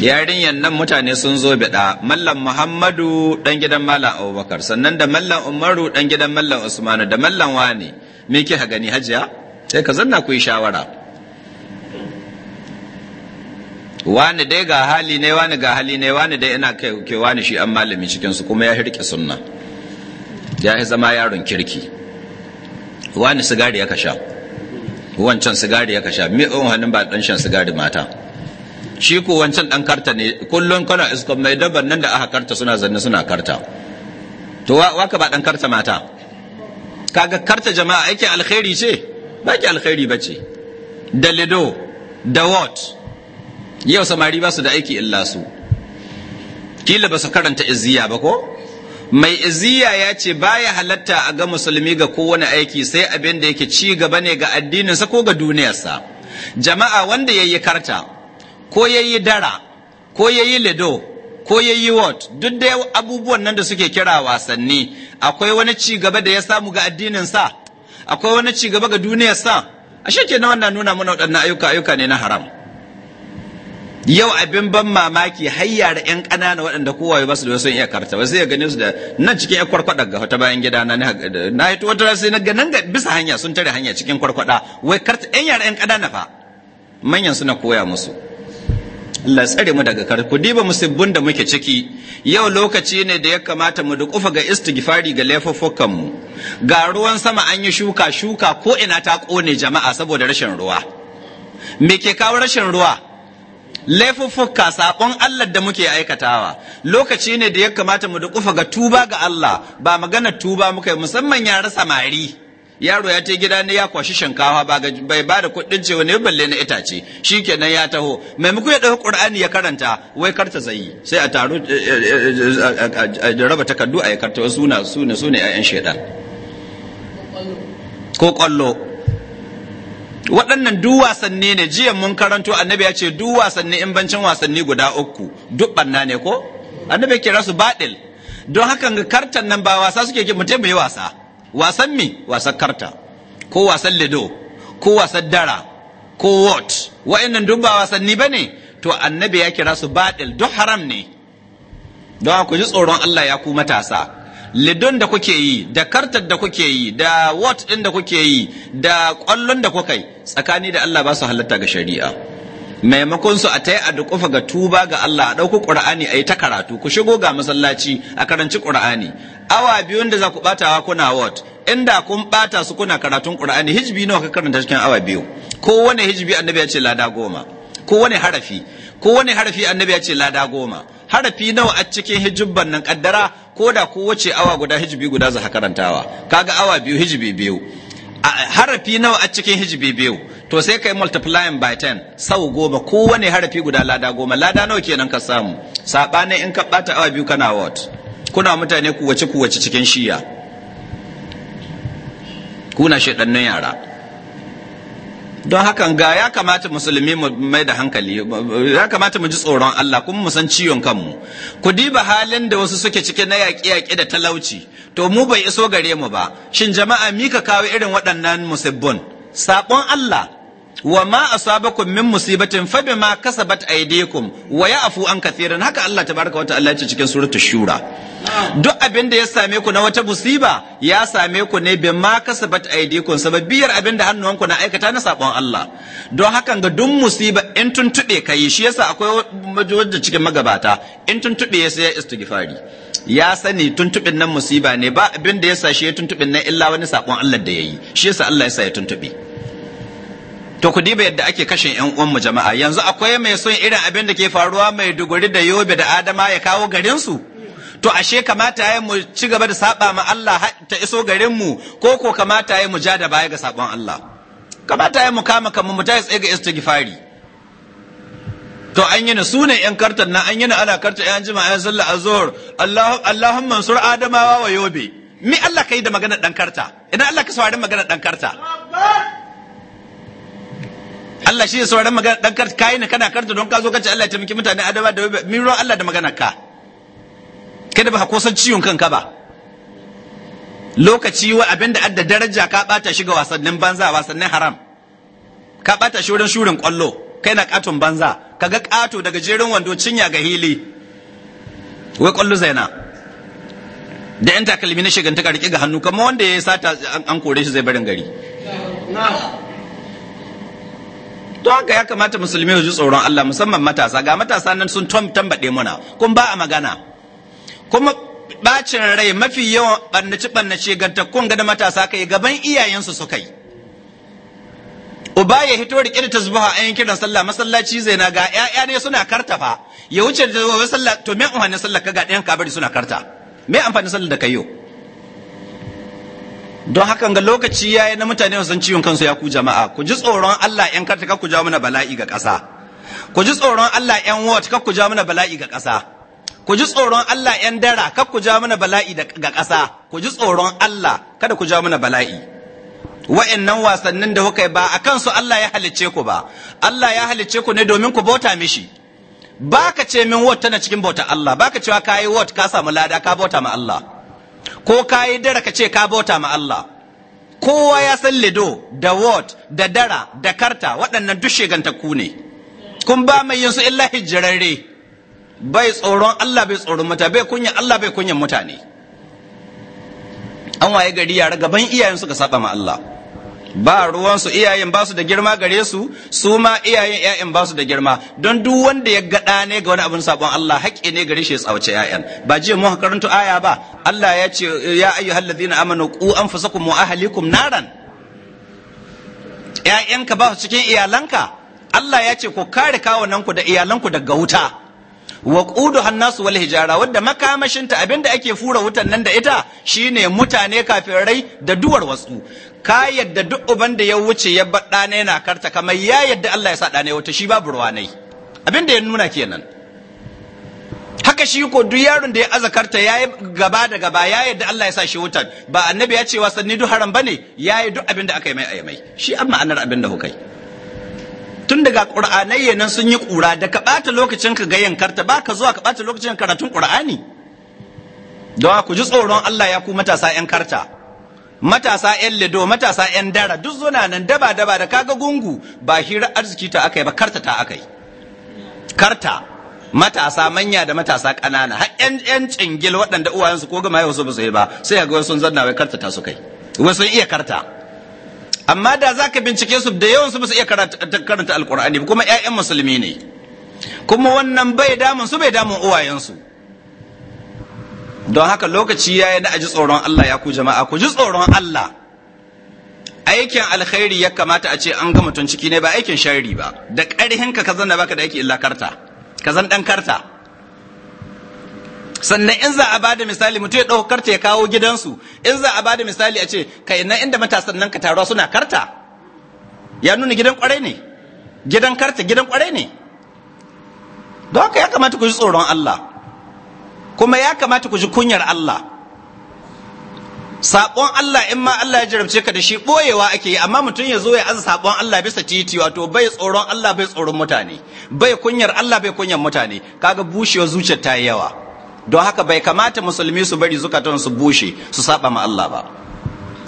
yarinyar nan mutane sun zo biɗa mallam muhammadu ɗan gidan mallam abubakar sannan da mallam umaru ɗan gidan mallam usmanu da mallam wani me kika gani hajiya sai ka zanna ku yi shawara wani dai ga hali ne wani ga hali ne wani dai ina kai ke wani shi an malami cikin su kuma ya hirke sunna ya zama yaron kirki wani sigari ya kasha wancan sigari ya kasha me oh, hannun ba ɗan shan sigari mata shi ko wancan dan karta ne kullum kana isko. mai dabban nan da aka karta suna zanne suna karta to waka ba dan karta mata kaga karta jama'a aikin alkhairi ce ba ki alkhairi bace da lido da what yau samari ba su da aiki illa su kila ba su karanta izziya ba ko mai izziya ya ce baya halatta a ga musulmi ga kowane aiki sai abin da yake ci gaba ne ga addinin sa ko ga duniyarsa jama'a wanda ya karta ko ya yi dara ko ya yi lido ko ya yi wot duk da abubuwan nan da suke kira wasanni akwai wani ci gaba da ya samu ga addinin sa akwai wani ci gaba ga duniyar sa A ke na wannan nuna mana waɗannan ayyuka ayyuka ne na haram yau abin ban mamaki har ƴan yan ƙanana waɗanda kowaye ba su da wasu iya karta ba sai ya gane su da nan cikin yan kwarkwada ga wata bayan gida na na yi wata rasu na ganin ga bisa hanya sun tare hanya cikin kwarkwada wai karta yan yara yan ƙanana fa manyan suna koya musu Allah mu daga kar ku diba musibbin da muke ciki yau lokaci ne da ya kamata mu dukufa ga istighfari ga laifuffukan mu ga ruwan sama an yi shuka shuka ko ina ta ƙone jama'a saboda rashin ruwa me ke kawo rashin ruwa laifuffuka saƙon Allah da muke aikatawa lokaci ne da ya kamata mu duƙufa ga tuba ga Allah ba magana tuba muka yi musamman yara samari yaro ya ta gida ne ya kwashi shinkafa ba bai ba da kuɗin cewa ne balle na itace Shi kenan ya taho maimakon ya ɗauki qur'ani ya karanta wai karta zai sai a taro eh, eh, eh, raba takardu a yakarta suna suna suna ƴaƴan shaidan ko ƙwallo. waɗannan duk wasanni ne jiya mun karanto annabi ya ce duk wasanni in bancin wasanni guda uku duk banna ne ko annabi ya kira su baɗil don hakan ga kartan nan ba wasa suke ke mutum mai wasa wasan mi wasan karta ko wasan lido ko wasan dara ko what wa'annan duk ba wasanni ba ne to annabi ya kira su baɗil duk haram ne don ku ji tsoron Allah ya ku matasa lidon da kuke yi da kartar da kuke yi da wat ɗin da kuke yi da ƙwallon da kuka yi tsakani da Allah ba su halatta ga shari'a maimakon su a tayi a ga tuba ga Allah a ɗauko Qur'ani a yi ta karatu ku shigo ga masallaci a karanci Qur'ani awa biyun da za ku wa kuna what inda kun ɓata su kuna karatun Qur'ani hijbi nawa ka karanta cikin awa biyu wani hijbi annabi ya ce lada goma kowane harafi wani harafi annabi ya ce lada goma harafi nawa a cikin hijibban nan kaddara ko da kowace awa guda hijibi guda za karantawa kaga awa biyu hijibi biyu harafi nawa a cikin hijibi biyu to sai kai multiplying by 10 sau goma kowane harafi guda lada goma lada nawa kenan ka samu sabanin in ka bata awa biyu kana what kuna mutane ku wacce-ku wace cikin shiya kuna shaɗannun yara don hakan ga ya kamata musulmi mu mai da hankali ya kamata mu ji tsoron Allah kuma mu san ciwon kanmu ku diba halin da wasu suke cike na yaƙi-yaƙi da talauci to mu bai iso gare mu ba shin jama'a mika kawo irin waɗannan musibbin Sabon Allah wa ma asabakum min musibatin fa bima kasabat aydikum wa ya'fu an kathiran haka Allah tabaraka wa ta'ala yace cikin suratul shura duk abin da ya same ku na wata musiba ya same ku ne bima kasabat aydikum sababiyar abin da hannuwanku na aikata na sabon Allah don hakan ga duk musiba in tuntube kai shi yasa akwai wajen cikin magabata in tuntube ya sai istighfari ya sani tuntubin nan musiba ne ba abin da ya sa shi tuntubin nan illa wani sakon Allah da yayi shi yasa Allah ya sa ya tuntube to ku diba yadda ake kashe yan uwan mu jama'a yanzu akwai mai son irin abin da ke faruwa mai duguri da yobe da adama ya kawo garin su to ashe kamata yayi mu ci gaba da saba ma Allah ta iso garin mu ko ko kamata yayi mu ja da baya ga sabon Allah kamata yayi mu kama kan mu tayi tsaye ga istighfari to an yi na sune yan kartar na an yi na ana karta yan jima yan sallah a Allah Allahumma sur adamawa wa yobe mi Allah kai da magana dan karta idan Allah ka saurari magana dan karta Allah shi ya sauraron magana dan kai ne kana karta don ka zo ka ce Allah ya taimaki mutane adaba da min ruwan Allah da magana ka kada ba ko san ciwon kanka ba lokaci wa abinda adda daraja ka bata shiga wasannin banza wasannin haram ka bata shi wurin shurin kwallo kai na katon banza kaga kato daga jerin wando cinya ga hili wai kwallo zaina da yan takalmi na shiganta ka rike ga hannu kamar wanda ya sata an kore shi zai barin gari to haka ya kamata musulmi su ji tsoron Allah musamman matasa ga matasa nan sun tambaɗe muna kun ba a magana kuma bacin rai mafi yawan ɓannaci ɓannace kun ga da matasa kai gaban iyayensu su kai. uba ya hito rike da tasbiha ayin kiran sallah masallaci zai na ga ƴaƴa ne suna kartafa ya wuce da sallah to me amfanin sallah ka ga ɗayan kabari suna karta me amfanin sallah da kayo don hakan ga lokaci ya yi na mutane su san ciwon kansu ya ku jama'a ku ji tsoron Allah yan karta ku ja mana bala'i ga ƙasa ku ji tsoron Allah yan wat ka ku ja mana bala'i ga ƙasa ku ji tsoron Allah yan dara ka ku ja mana bala'i ga ƙasa ku ji tsoron Allah kada ku ja mana bala'i wa'annan wasannin da kuka ba a kansu Allah ya halicce ku ba Allah ya halicce ku ne domin ku bauta mishi baka ce min wat tana cikin bauta Allah baka cewa ka yi wat ka samu lada ka bauta ma Allah ko ka yi dara ka ce ka bauta ma Allah kowa ya san lido da wot da dara da karta waɗannan duk shegantakku ne kun ba mai yin su illa hijirarre bai tsoron Allah bai tsoron mutane bai kunya Allah bai kunyan mutane an waye gari yara gaban iyayen suka saba ma Allah ba ruwansu iyayen ba su da girma gare su su ma iyayen iyayen ba su da girma don duk wanda ya ga ne ga wani abin sabon Allah haƙƙi ne gare shi ya tsawace iyayen ba je mu karanto aya ba Allah ya ce ya ayyuhallazina amanu qu anfusakum wa ahlikum naran ƴaƴanka ba su cikin iyalanka Allah ya ce ku kare ku da iyalanku daga wuta wa qudu hannasu wal hijara wadda makamashinta abinda ake fura wutan nan da ita shine mutane kafirai da duwar watsu ka yadda duk uban da ya wuce ya bar ɗana yana karta kamar ya yadda Allah ya sa ɗana ya shi babu ruwa nai abin da ya nuna kenan haka shi ko duk yaron da ya aza karta ya gaba da gaba ya yadda Allah ya sa shi wutar ba annabi ya ce wasanni duk haram bane ya yi duk abin da aka yi mai a mai shi an ma'anar abin da hukai tun daga ƙur'anai yanan sun yi ƙura da ka ɓata lokacin ka ga yankarta ba ka zuwa ka ɓata lokacin karatun ƙur'ani don ku ji tsoron Allah ya ku matasa yankarta karta matasa 'yan lido matasa 'yan dara duk suna nan daba daba da kaga gungu ba hira, arziki ta aka yi ba karta ta aka yi karta matasa manya da matasa ƙanana har 'yan cingil waɗanda uwayensu ko gama yau su ba su yi ba sai ga wasu zanna wai karta ta su kai wasu iya karta amma da za ka bincike su da yawan su ba su iya karanta alkur'ani kuma 'ya'yan musulmi ne kuma wannan bai damun su bai damun uwayensu don haka lokaci ya yi na aji tsoron Allah ya ku jama'a ku ji tsoron Allah aikin alkhairi ya kamata a ce an ga mutum ciki ne ba aikin sharri ba da ƙarhin ka kazan da baka da aiki illa karta kazan dan karta sannan in za a bada misali mutum ya ɗau karta ya kawo gidansu in za a bada misali a ce kai na inda matasan nan ka taruwa suna karta ya nuna gidan kwarai ne gidan karta gidan kwarai ne don haka ya kamata ku ji tsoron Allah kuma ya kamata ku ji kunyar Allah sabon Allah in ma Allah ya jarabce ka da shi ɓoyewa ake yi amma mutum ya zo ya aza sabon Allah bisa titi wato bai tsoron Allah bai tsoron mutane bai kunyar Allah bai kunyar mutane kaga bushewa zuciyar ta yi yawa don haka bai kamata musulmi su bari zukatan su bushe su saba ma Allah ba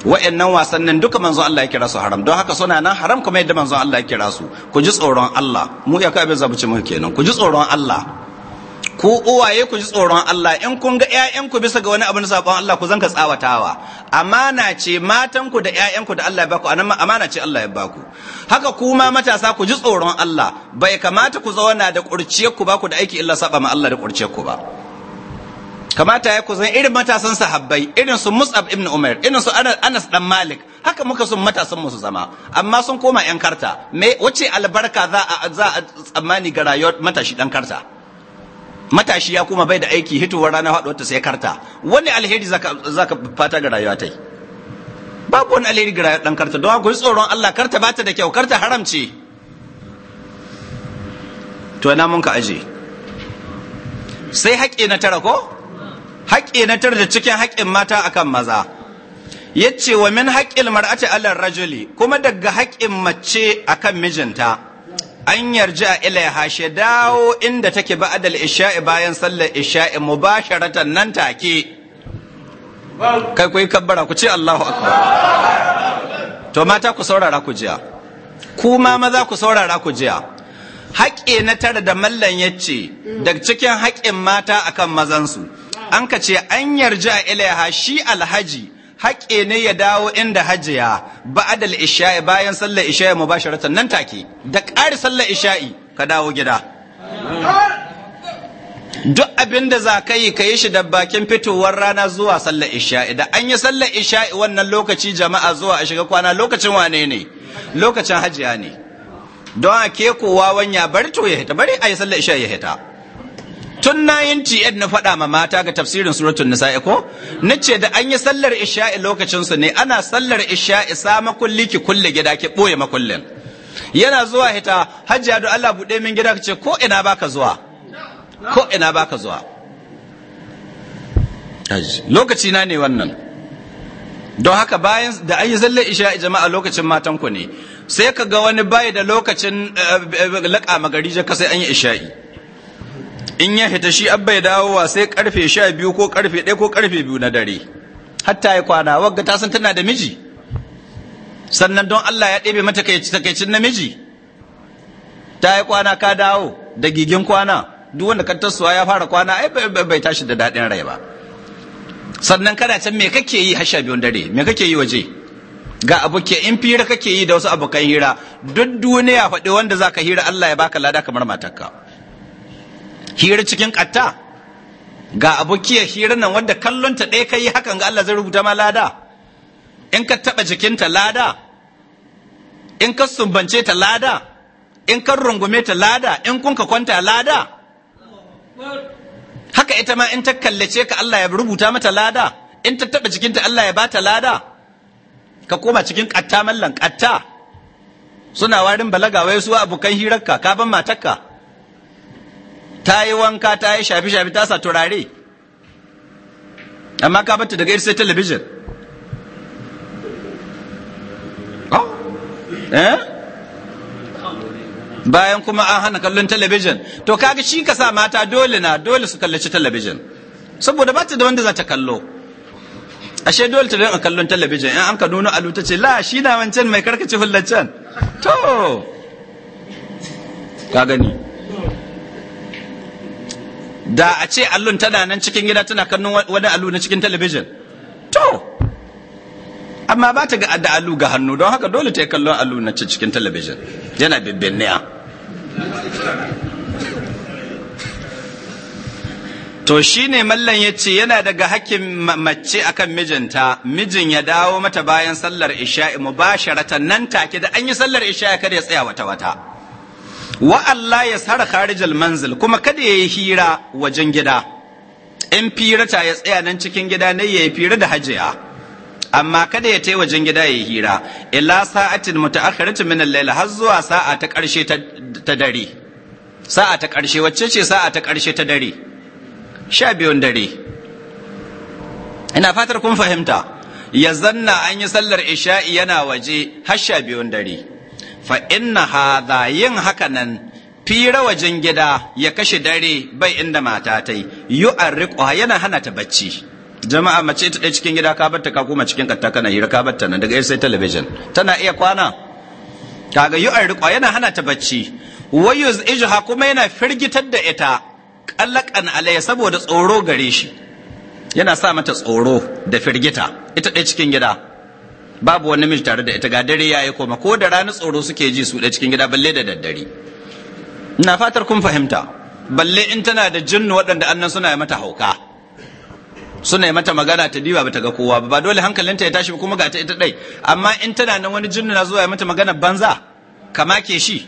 wa'annan wasannin duka manzon Allah ya kira su haram don haka suna nan haram kuma yadda manzon Allah ya kira su ku ji tsoron Allah mu ya kai abin zabuci mu kenan ku ji tsoron Allah ku uwaye ku ji tsoron Allah in kun ga ƴaƴanku bisa ga wani abin sabon Allah ku zanka tsawatawa amana ce matanku da ƴaƴanku da Allah ya baku amana ce Allah ya baku haka kuma matasa ku ji tsoron Allah bai kamata ku zauna da kurciyar ku ba ku da aiki illa saba ma Allah da ku ba kamata ya kusan irin matasan sahabbai irin su Mus'ab ibn Umar irin su Anas dan Malik haka muka sun matasan musu zama amma sun koma yan karta me wace albarka a za a tsammani ga rayuwar matashi dan karta matashi ya kuma bai da aiki hitowar rana haɗu wata sai karta wani alheri za ka fata ga rayuwa ta yi babu wani alheri ga rayuwa ɗan karta don haka tsoron Allah karta ba ta da kyau karta haram ce to na mun ka aje sai haƙƙi na tara ko haƙƙi na tara da cikin haƙƙin mata akan maza yace wa min haƙƙil mar'ati alal rajuli kuma daga haƙƙin mace akan mijinta an a ilaiha shi dawo inda take ba'adal isha'i bayan sallar isha'i mu ba sharatan nan take kai kuyi yi kabbara ku ce Allahu akbar to mata ku saurara ku jiya kuma maza ku saurara ku jiya haƙƙi na tara da mallan ce, daga cikin haƙƙin mata akan mazansu an ka ce an yarja ilaiha shi alhaji haƙƙe ne ya dawo inda hajiya ba'adal isha'i bayan sallar isha'i mubasharatan nan take da ƙari sallar isha'i ka dawo gida duk abin da za ka yi ka yi shi da bakin fitowar rana zuwa sallar isha'i da an yi sallar isha'i wannan lokaci jama'a zuwa a shiga kwana lokacin wane ne lokacin hajiya ne don a ke kowa wanya bari to ya hita bari a yi sallar isha'i ya hita tun na 98 na faɗa ma mata ga tafsirin suratun nisa ko ce da an yi sallar isha'i lokacinsu ne ana sallar isha'i sa makulli ki kulle gida ki ɓoye makullin yana zuwa hita hajji adu Allah buɗe min gida ka ce ko ina baka zuwa ko ina baka zuwa lokaci na ne wannan don haka bayan da an yi sallar isha'i jama'a lokacin matan ku ne sai ka ga wani bai da lokacin eh, eh, eh, laƙa magari ka sai an yi isha'i in ya fita shi abba ya dawo wa sai karfe sha biyu ko karfe ɗaya ko karfe biyu na dare hatta ya kwana wagga ta san tana da miji sannan don Allah ya ɗebe mata takaicin namiji ta yi kwana ka dawo da gigin kwana duk wanda ka tasowa ya fara kwana ai bai tashi da daɗin rai ba sannan kana can me kake yi har sha biyun dare me kake yi waje ga abokai in fira kake yi da wasu abokan hira duk duniya faɗi wanda zaka hira Allah ya baka lada kamar matarka hira cikin ƙatta ga abokiyar hira nan wadda kallonta ɗaya ka yi hakan ga Allah zai rubuta ma lada in ka taɓa jikinta lada in ka sumbance ta lada in ka rungume ta lada in kun ka kwanta lada haka ita ma in ta kallace ka Allah ya rubuta mata lada in ta taɓa jikinta Allah ya bata lada ka koma cikin ƙatta mallan ƙatta suna warin balaga wai su abokan hirarka ka ban matarka ta yi wanka ta yi shafi-shafi ta sa turare amma ka bata daga irisai talabijin oh. eh? bayan kuma an hana kallon talabijin to kaga shi ka sa mata dole na dole su kallaci talabijin saboda ba ta da wanda za ta kallo ashe dole ta a kallon talabijin in an ka nuna alu ta ce la shi na wancan mai karkace hullacen to ka gani da a ce allon tana nan cikin gida tana kallon wani allo na cikin talabijin to amma ba ta ga da allo ga hannu don haka dole ta yi kallon allo na cikin talabijin yana bibbinniya to shi ne mallan ya ce yana daga hakkin mace a kan mijinta mijin ya dawo mata bayan sallar isha'i mu mubasharatan nan take da an yi sallar isha'i kar ya tsaya wata wata wa Allah ya sara kharijal manzil kuma kada ya yi hira wajen gida in firata ya tsaya nan cikin gida ne ya yi fira da hajiya amma kada ya tai wajen gida ya yi hira ila sa'atin muta'akhiratin min al-layl har zuwa sa'a ta karshe ta dare sa'a ta karshe wacce ce sa'a ta karshe ta dare sha biyun dare ina fatar kun fahimta ya zanna an yi sallar isha'i yana waje har sha biyun dare fa inna hadha yin haka nan fira wajen gida ya kashe dare bai inda mata ta yi yana hana ta bacci jama'a mace ta dai cikin gida ka batta ka koma cikin katta kana hira ka batta nan daga sai television tana iya kwana kaga yu'arriquha yana hana ta bacci wayuz ijha kuma yana firgitar da ita kallakan alayya saboda tsoro gare shi yana sa mata tsoro da firgita ita ɗaya cikin gida babu wani namiji tare da ita ga dare yayi koma ko da rana tsoro suke ji su da cikin gida balle da daddare ina fatar kun fahimta balle in tana da jinnu waɗanda annan suna mata hauka suna yi mata magana ta diba ta ga kowa ba dole hankalinta ya tashi kuma ga ta ita dai amma in tana nan wani jinnu na zuwa mata magana banza kama ke shi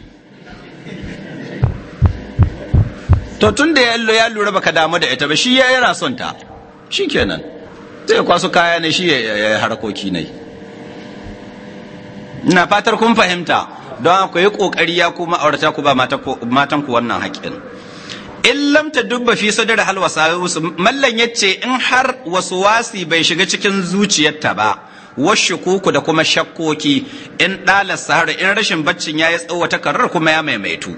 to tun da ya lura baka damu da ita ba shi ya yana son ta shikenan zai kwaso kaya ne shi ya harakoki ne ina fatar kun fahimta don ku yi kokari ya kuma aurata ku ba matan ku wannan haƙin in lam ta dubba fi sadar hal wasawisu mallan yace in har wasu wasi bai shiga cikin zuciyarta ba washu kuku da kuma shakkoki in dalar sahara in rashin baccin ya yi tsawata karar kuma ya maimaitu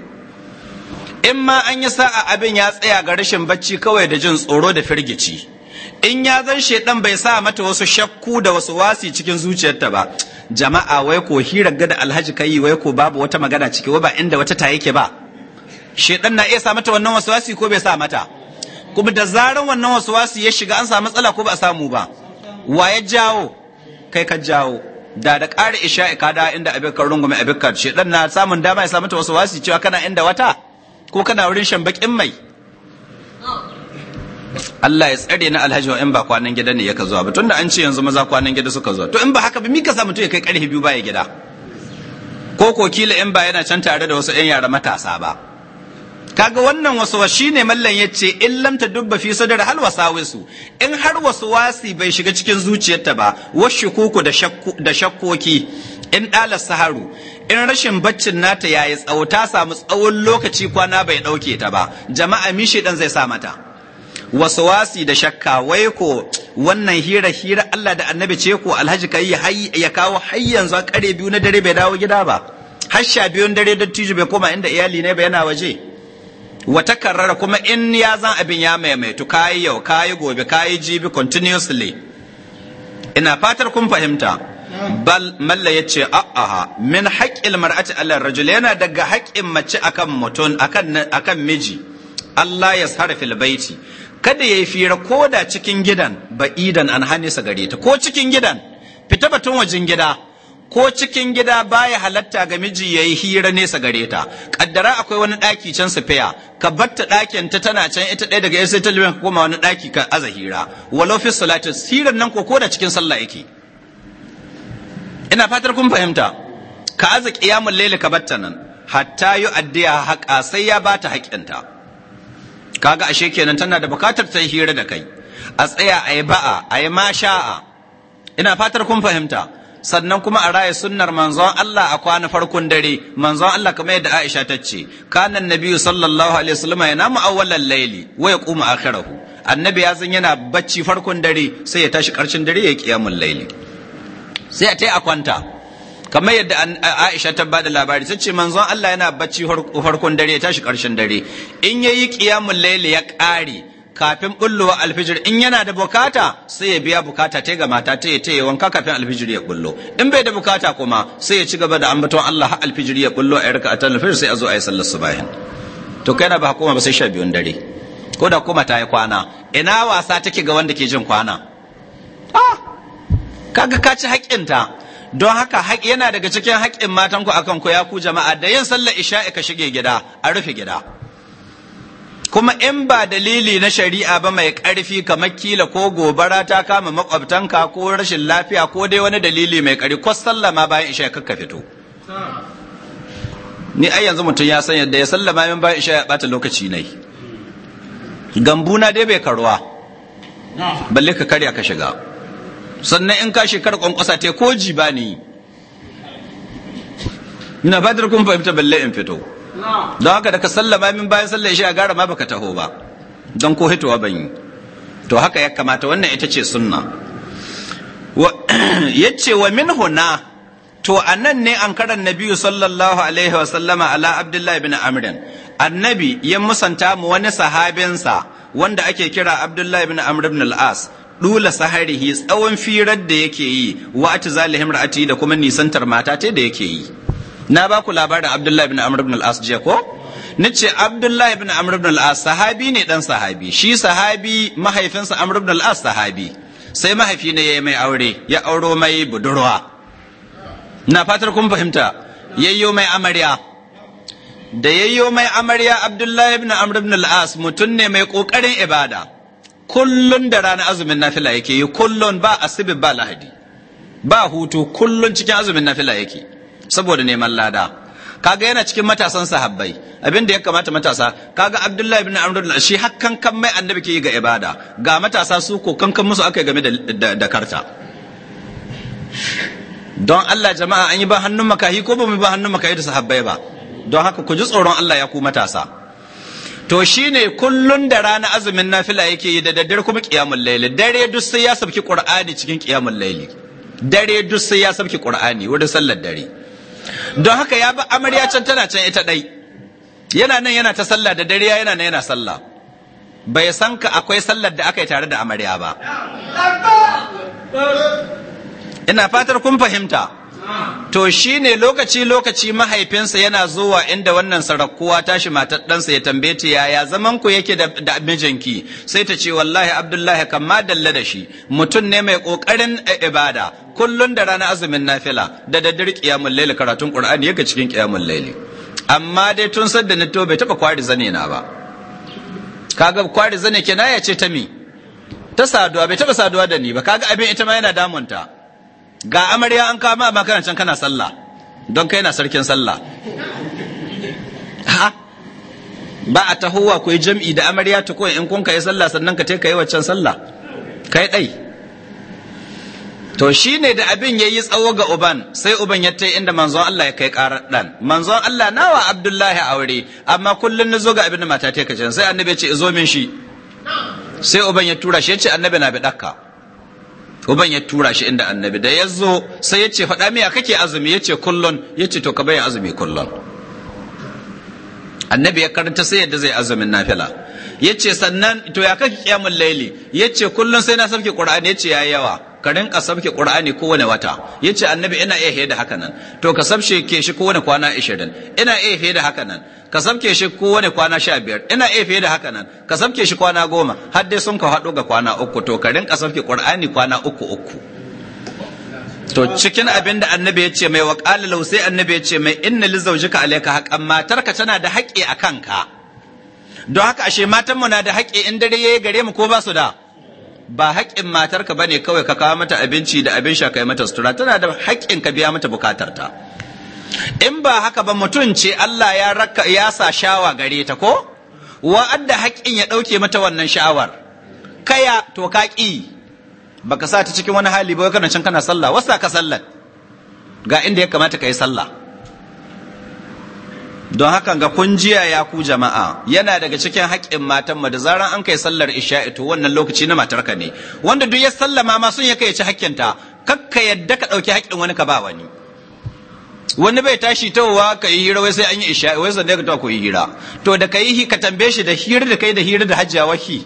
in ma an yi sa'a abin ya tsaya ga rashin bacci kawai da jin tsoro da firgici in ya zan shaidan bai sa mata wasu shakku da wasu wasi cikin zuciyarta ba jama'a wai ko hira da alhaji kai wai ko babu wata magana ciki wai ba inda wata ta yake ba shaidan na iya sa mata wannan wasu wasi ko bai sa mata kuma da zaran wannan wasu wasi ya shiga an samu matsala ko ba a samu ba wa ya jawo kai ka jawo da da ƙara isha ka da inda abin kan rungume abin kan shaidan na samun dama ya sa mata wasu wasi cewa kana inda wata ko kana wurin shan bakin mai Allah ya tsare na alhaji wa in ba kwanan gida ne yaka zuwa ba tunda an ce yanzu maza kwanan gida suka zuwa to in ba haka ba mika sa mutum ya kai karfe biyu baya gida ko ko kila in ba yana can tare da wasu yan yara matasa ba kaga wannan wasu shine mallan yace in lam dubba fi sadar hal wasawisu in har wasu wasi bai shiga cikin zuciyarta ba washukuku da shakku da shakkoki in dalar saharu in rashin baccin nata yayi tsawo ta samu tsawon lokaci kwana bai dauke ta ba jama'a mishi dan zai sa mata wasawasi da shakka wai ko wannan hira hira Allah da annabi ce ko alhaji kai ya kawo har yanzu kare biyu na dare bai dawo gida ba har sha biyun dare tiji bai koma inda iyali ne ba yana waje wata karrara kuma in ya zan abin ya maimaitu kayi yau kayi gobe kayi jibi continuously ina fatar kun fahimta bal malla ya ce a'aha min haqqil mar'ati alal rajul yana daga haƙƙin mace akan mutun akan akan miji Allah ya sahara baiti kada ya yi fira ko da cikin gidan ba'idan an hane sa gare ta ko cikin gidan fita batun wajen gida ko cikin gida baya halatta ga miji ya yi hira nesa gare ta kaddara akwai wani ɗaki can su fiya ka batta ɗakin ta tana can ita ɗaya daga sai ta ka koma wani ɗaki ka aza hira walau fi salatu hirar nan ko ko da cikin sallah yake ina fatar kun fahimta ka aza qiyamul layli ka batta nan hatta yu addiya haqa sai ya bata haƙƙinta kaga ashe kenan tana da bukatar ta yi hira da kai a tsaya a yi ba'a a yi masha'a ina fatar kun fahimta sannan kuma a raya sunnar manzon Allah a kwana farkon dare manzon Allah kamar yadda Aisha ta ce kana annabi sallallahu alaihi wasallam yana mu awwalan layli wa yaqumu akhirahu annabi ya zan yana bacci farkon dare sai ya tashi karshen dare ya kiyamul layli sai a tai a kwanta kamar yadda Aisha ta bada labari ta ce manzon Allah yana bacci farkon dare ya tashi karshen dare in yayi qiyamul layli ya kare kafin bullowa alfijir in yana da bukata sai ya biya bukata ta ga mata ta ta wanka kafin alfijir ya bullo in bai da bukata kuma sai ya ci gaba da ambaton Allah har alfijir ya bullo a yarka atan alfijir sai a zo a sallar subahin to kai na ba hukuma ba sai sha biyun dare ko da kuma ta yi kwana ina wasa take ga wanda ke jin kwana ah kaga ka ci haƙƙinta don haka yana daga cikin haƙƙin matanku akan ku ya ku jama'a da yin sallar isha'i ka shige gida a rufe gida kuma in ba dalili na shari'a ba mai ƙarfi kamar kila ko gobara ta kama makwabtanka ko rashin lafiya ko dai wani dalili mai ƙari ko sallama bayan isha'i kakka fito ni ai yanzu mutum ya san yadda ya sallama min bayan isha'i bata lokaci ne gambuna dai bai karuwa balle ka karya ka shiga sannan in ka shekara kwankwasa ta ko ji ba ne ina fatar kun fahimta balle in fito don haka da ka sallama min bayan sallar a gara ma baka taho ba don ko hitowa ban yi to haka ya kamata wannan ita ce sunna ce wa min huna to a nan ne an karan nabiyu sallallahu alaihi wa sallama ala abdullahi bin amrin annabi ya musanta mu wani sahabinsa wanda ake kira abdullahi bin amr ibn al-as dula saharihi tsawon firar da yake yi wa zalihim ra'ati da kuma nisantar mata ta da yake yi na ba ku labarin abdullahi ibn amr ibn al-as je ko nace abdullahi ibn amr ibn al-as sahabi ne dan sahabi shi sahabi mahaifinsa amr ibn al-as sahabi sai mahaifi ne yayi mai aure ya auro mai budurwa na fatar kun fahimta yayyo mai amarya da yayyo mai amarya abdullahi ibn amr ibn al-as mutum ne mai kokarin ibada Kullum da rana azumin nafila yake yi kullun ba asibi ba lahadi ba hutu kullun cikin azumin nafila yake saboda neman lada kaga yana cikin matasan sahabbai abinda ya kamata matasa kaga abdullahi ibn amr shi hakkan kan mai annabi ke yi ga ibada ga matasa su ko kankan musu aka game da karta don Allah jama'a an yi ba hannun makahi ko ba mu ba hannun makahi da sahabbai ba don haka ku ji tsoron Allah ya ku matasa to shi ne kullum da rana azumin nafila yake yi da daddare kuma kiyamun laili dare duk sai ya sabki qur'ani cikin kiyamun laili. dare duk sai ya sabki qur'ani wurin sallar dare don haka ya bi amarya can tana can ita dai yana nan yana ta sallah da dare yana nan yana sallah bai san ka akwai sallar da aka yi tare da amarya ba ina fatar kun fahimta to shi ne lokaci lokaci mahaifinsa yana zuwa inda wannan sarakuwa tashi matar ɗansa ya tambaye ta yaya zaman ku yake da mijinki sai ta ce wallahi abdullahi kan ma dalla da shi mutum ne mai ƙoƙarin e, ibada kullum da ranar azumin nafila da daddare ƙiyamun laili karatun ƙur'an yake cikin ƙiyamun laili amma dai tun sadda na to bai taba kwari zane na ba kaga kwari zane kenan ya ce ta mi ta saduwa bai taɓa saduwa da ni ba kaga abin ita ma yana damunta ga amarya an kama ma kana can kana sallah don kai na sarkin sallah ba a tahowa ku yi jam'i da amarya ta koyi in kun ka yi sallah sannan ka te ka yi waccan sallah kai dai to shi ne da abin ya yi tsawo ga uban sai uban ya ta inda manzon Allah ya kai karar dan manzon Allah nawa Abdullahi a aure amma kullun zo ga abin da mata ta kace sai annabi ce zo min shi sai uban ya tura shi ya ce annabi na bi dakka To ban ya tura shi inda annabi da ya zo sai ya ce faɗa miya kake azumi ya ce kullun ya ce to ka bai azumi kullun annabi ya karanta sai yadda zai azumin nafila ya ce sannan to ya kake kiyamun laili ya ce kullun sai na sarki ƙur'ani ya ce ya yawa ka rinka sabke qur'ani kowane wata yace annabi ina iya da haka nan to ka sabshe ke shi kowane kwana 20 ina iya da haka nan ka sabke shi kowane kwana 15 ina iya da haka nan ka sabke shi kwana 10 har dai sun ka hado ga kwana uku to ka rinka sabke qur'ani kwana uku uku to cikin abin da annabi ya ce mai wa law sai annabi ya ce mai inna lizaujika alayka haqqan matarka tana da haƙƙi akan ka don haka ashe matanmu na da haƙƙi in dare yayi gare mu ko ba su da ba haƙƙin matarka ba ne kawai ka kawo mata abinci da abin sha kai mata sutura tana da haƙƙin ka biya mata bukatarta in ba haka ba mutum ce Allah ya raka ya sa shawa gare ta ko wa'adda haƙƙin ya ɗauke mata wannan shawar, kaya to ka ƙi baka sa ta cikin wani hali ba kana can kana sallah wasa ka sallah ga inda ya kamata ka yi sallah don haka ga kunjiya ya ku jama'a yana daga cikin haƙƙin matan da zaran an kai sallar isha'i to wannan lokaci na matarka ne wanda duk ya sallama ma sun ya kai ci ta kakka yadda ka ɗauki haƙƙin wani ka ba wani wani bai tashi tawowa ka yi hira wai sai an yi isha'i wai sanda ka tawa ko hira to da ka yi ka tambaye shi da hira da kai da hira da hajjiya wahi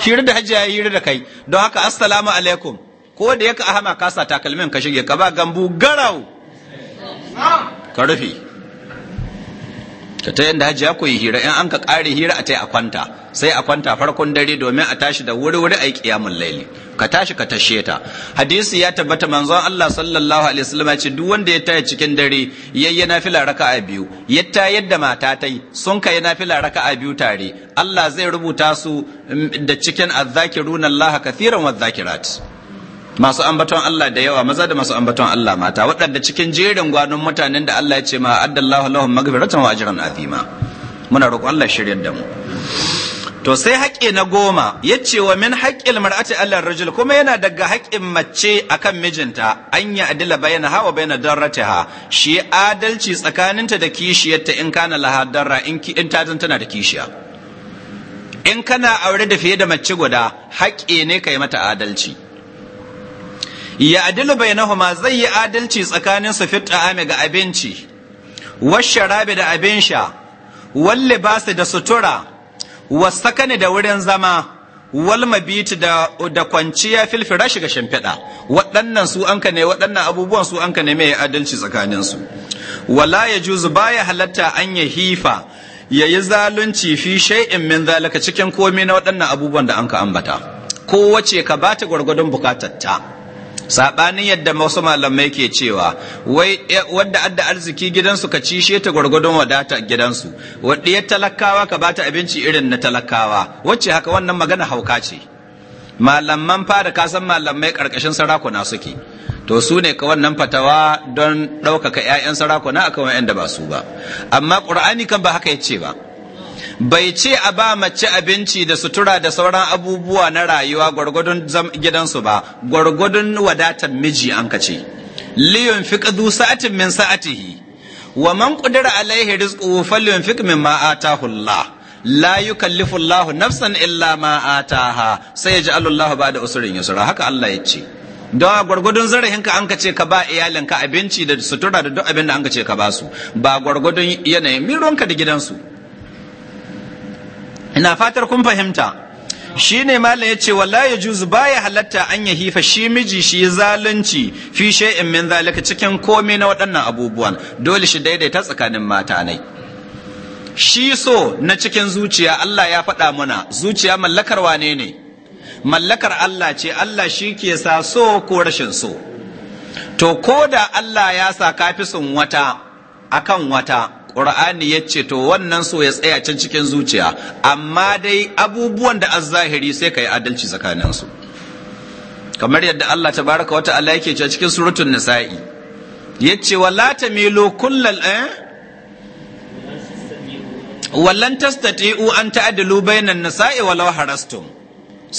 hira da hajjiya hira da kai don haka assalamu alaikum ko da yaka ahama kasa takalmin ka shige ka ba gambu garau ka rufe ta ta yanda hajiya koyi hira in an ka ƙare hira a tai a kwanta sai a kwanta farkon dare domin a tashi da wuri wuri yi kiyamun laili ka tashi ka tashe ta hadisi ya tabbata manzon Allah sallallahu alaihi wasallam ce duk wanda ya taya cikin dare yayya nafila raka'a biyu ya yadda mata tai sun kai nafila raka'a biyu tare Allah zai rubuta su mm, da cikin azzakiruna Allah kathiran wadh masu ambaton Allah da yawa maza da masu ambaton Allah mata waɗanda cikin jerin gwanon mutanen da Allah ya ce ma addallahu lahum maghfiratan wa ajran azima muna roƙo Allah shiryar da mu to sai haƙƙi na goma ya ce wa min haƙƙil mar'ati Allah rajul kuma yana daga haƙƙin mace akan mijinta an ya adila bayana hawa bayana ha shi adalci tsakaninta da kishiyarta in kana laha darra in in ta tana da kishiya in kana aure da fiye da mace guda haƙƙi ne ka yi mata adalci ya adilu huma zai yi adalci tsakanin su fit ta'ami ga abinci washarabi da abin sha wal libasi da sutura wasakani da wurin zama wal mabiti da da kwanciya fil firashi ga shimfiɗa waɗannan su an ka ne waɗannan abubuwan su an ka ne mai adalci tsakanin su wala yajuzu baya halatta an ya hifa ya yi zalunci fi shay'in min zalika cikin komai na waɗannan abubuwan da an ka ambata kowace ka bata gwargwadon ta sabanin yadda wasu malamai ke cewa wai eh, wadda adda arziki gidansu ka cishe ta gwargwadon wadata gidansu wadda ya talakawa ka bata abinci irin na talakawa wacce haka wannan magana hauka ce malaman fada kasan malamai karkashin sarakuna suke to su ne ka wannan fatawa don ɗaukaka 'ya'yan sarakuna akan wa'yan da ba su ba amma ƙur'ani kan ba haka ya ce ba bai ce a ba mace abinci da sutura da sauran abubuwa na rayuwa gwargwadon gidansu ba gwargwadon wadatar miji an ce liyun fi qadu sa'atin min sa'atihi wa man qadara alaihi rizquhu falyunfiq mimma atahu Allah la yukallifu Allah nafsan illa ma ataha sai ya allahu Allah ba'da usrin yusra haka Allah ya ce don gwargwadon zarafinka an ka ce ka ba iyalinka abinci da sutura da duk abin da an ka ce ka ba su ba gwargwadon yanayin ka da gidansu ina fatar kun fahimta shi ne malam ya ce wala ya juzu baya halatta an ya hifa shi miji shi zalunci fi shay'in min zalika cikin komai na waɗannan abubuwan dole shi daidaita tsakanin mata ne. shi so na cikin zuciya Allah ya faɗa mana zuciya mallakar wane ne mallakar Allah ce Allah shi ke sa so ko rashin so to ko da Allah ya sa kafi son wata akan wata qur'ani yace to wannan so ya tsaya can cikin zuciya amma dai abubuwan da azzahiri sai ka yi adalci tsakaninsu. kamar yadda Allah tabaraka wata ta'ala yake cewa cikin suratul nisa'i yace wala tamilu kullal eh wallan tastati'u an ta'dilu bainan nisa'i walau harastum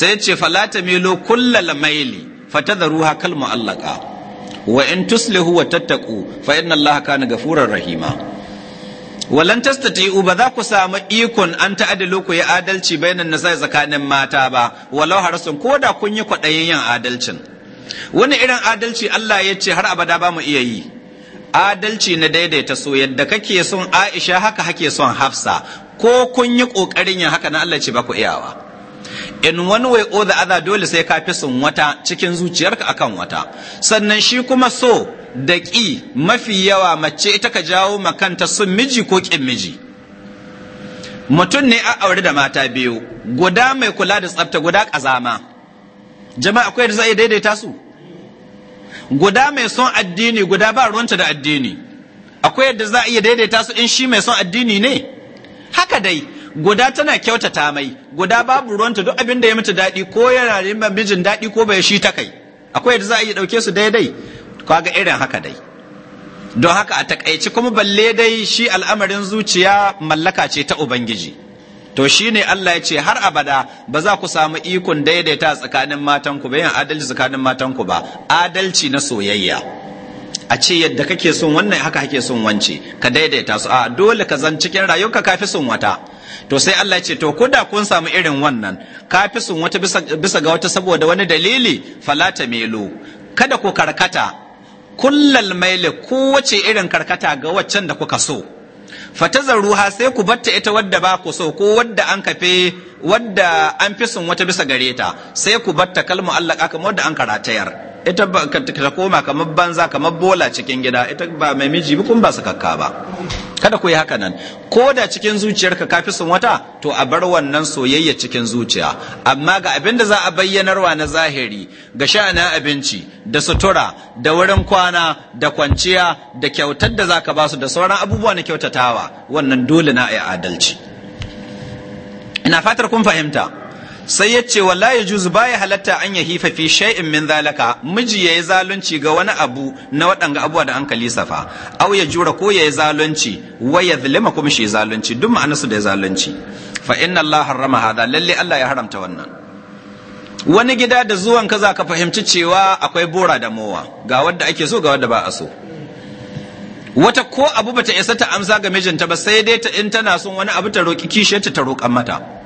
sai yace fala tamilu kullal maili fatadharuha kal mu'allaqa wa in tuslihu wa tattaqu fa inna allaha kana ghafurar rahima walan yi ba za ku samu ikon an ta'adalu ku yi adalci na nisa tsakanin mata ba walau harasun ko da kun yi kwaɗayin yin adalcin wani irin adalci Allah ya ce har abada ba mu iya yi adalci na daidaita so yadda kake son Aisha haka hake son Hafsa ko kun yi ƙoƙarin yin haka na Allah ce ba ku iyawa in wani way or the other dole sai ka fi son wata cikin zuciyarka akan wata sannan shi kuma so da ƙi mafi yawa mace ita ka jawo makanta sun miji ko ƙin miji mutum ne a aure da mata biyu guda mai kula da tsafta guda ƙazama jama'a akwai da za a daidaita su guda mai son addini guda ba ruwanta da addini akwai yadda za a iya daidaita su in shi mai son addini ne haka dai guda tana kyautata mai guda babu ruwanta duk abin da ya mata daɗi ko yana neman mijin daɗi ko bai shi ta kai akwai yadda za a iya ɗauke su daidai kaga irin haka dai don haka a takaici kuma balle dai shi al'amarin zuciya mallaka ce ta ubangiji to shi ne Allah ya ce har abada ba za ku samu ikon daidaita tsakanin matanku ba yin adalci tsakanin matanku ba adalci na soyayya a ce yadda kake son wannan haka kake son wance ka daidaita su a dole ka zan cikin rayuka kafi son wata to sai Allah ce to kuda kun samu irin wannan kafi son wata bisa, bisa ga wata saboda wani dalili falata melo kada ku karkata kullal maili kowace irin karkata ga waccan da kuka so fatazaruha sai ku batta ita wadda ba ku so ko wadda an kafe wadda an fi sun wata bisa gare ta sai ku batta kalmu allaka kamar wadda an karatayar ita ba ta koma kamar banza kamar bola cikin gida ita ba mai miji ba kuma ba kakka ba kada ku yi haka nan ko da cikin zuciyarka ka fi son wata to a bar wannan soyayya cikin zuciya amma ga abin da za a bayyanarwa na zahiri ga sha'anin abinci da sutura da wurin kwana da kwanciya da kyautar da zaka su, da sauran abubuwa na kyautatawa wannan dole na a adalci ina fatar kun fahimta sai ya ce wala ya juzu baya halatta an ya hifa fi shay'in min zalaka miji ya yi zalunci ga wani abu na waɗanga abuwa da an kalisafa au ya jura ko ya yi zalunci wa ya zulima kuma shi zalunci duk ma'ana su da ya zalunci fa inna Allah harrama hada lalle Allah ya haramta wannan wani gida da zuwan ka za ka fahimci cewa akwai bora da mowa ga wadda ake so ga wadda ba a so wata ko abu bata isa ta amsa ga mijinta ba sai dai ta in tana son wani abu ta roƙi kishiyarta ta roƙan mata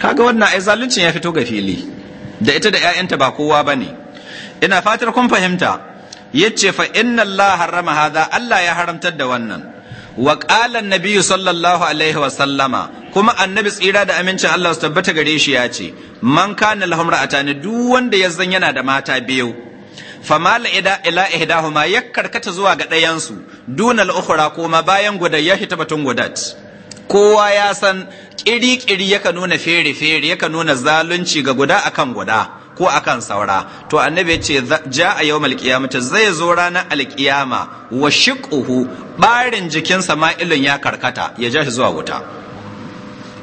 kaga wannan ai zaluncin ya fito ga fili da ita da 'ya'yanta ba kowa bane ina fatar kun fahimta yace fa inna Allah harrama hadha Allah ya haramtar da wannan wa qala an sallallahu alaihi wa sallama kuma annabi tsira da amincin Allah su tabbata gare shi ya ce man kana lahum ra'atani duk wanda ya zan yana da mata biyu famal ida ila ihdahuma yakkarkata zuwa ga su dunal ukhra kuma bayan gudayya hitabatun gudat kowa ya san ƙiri-ƙiri yaka nuna fere-fere yaka nuna zalunci ga guda akan guda ko akan saura to annabi ce ja a yau malkiyamata zai zo ranar alkiyama wa shiƙuhu ɓarin jikin sama'ilun ya karkata ya ja shi zuwa wuta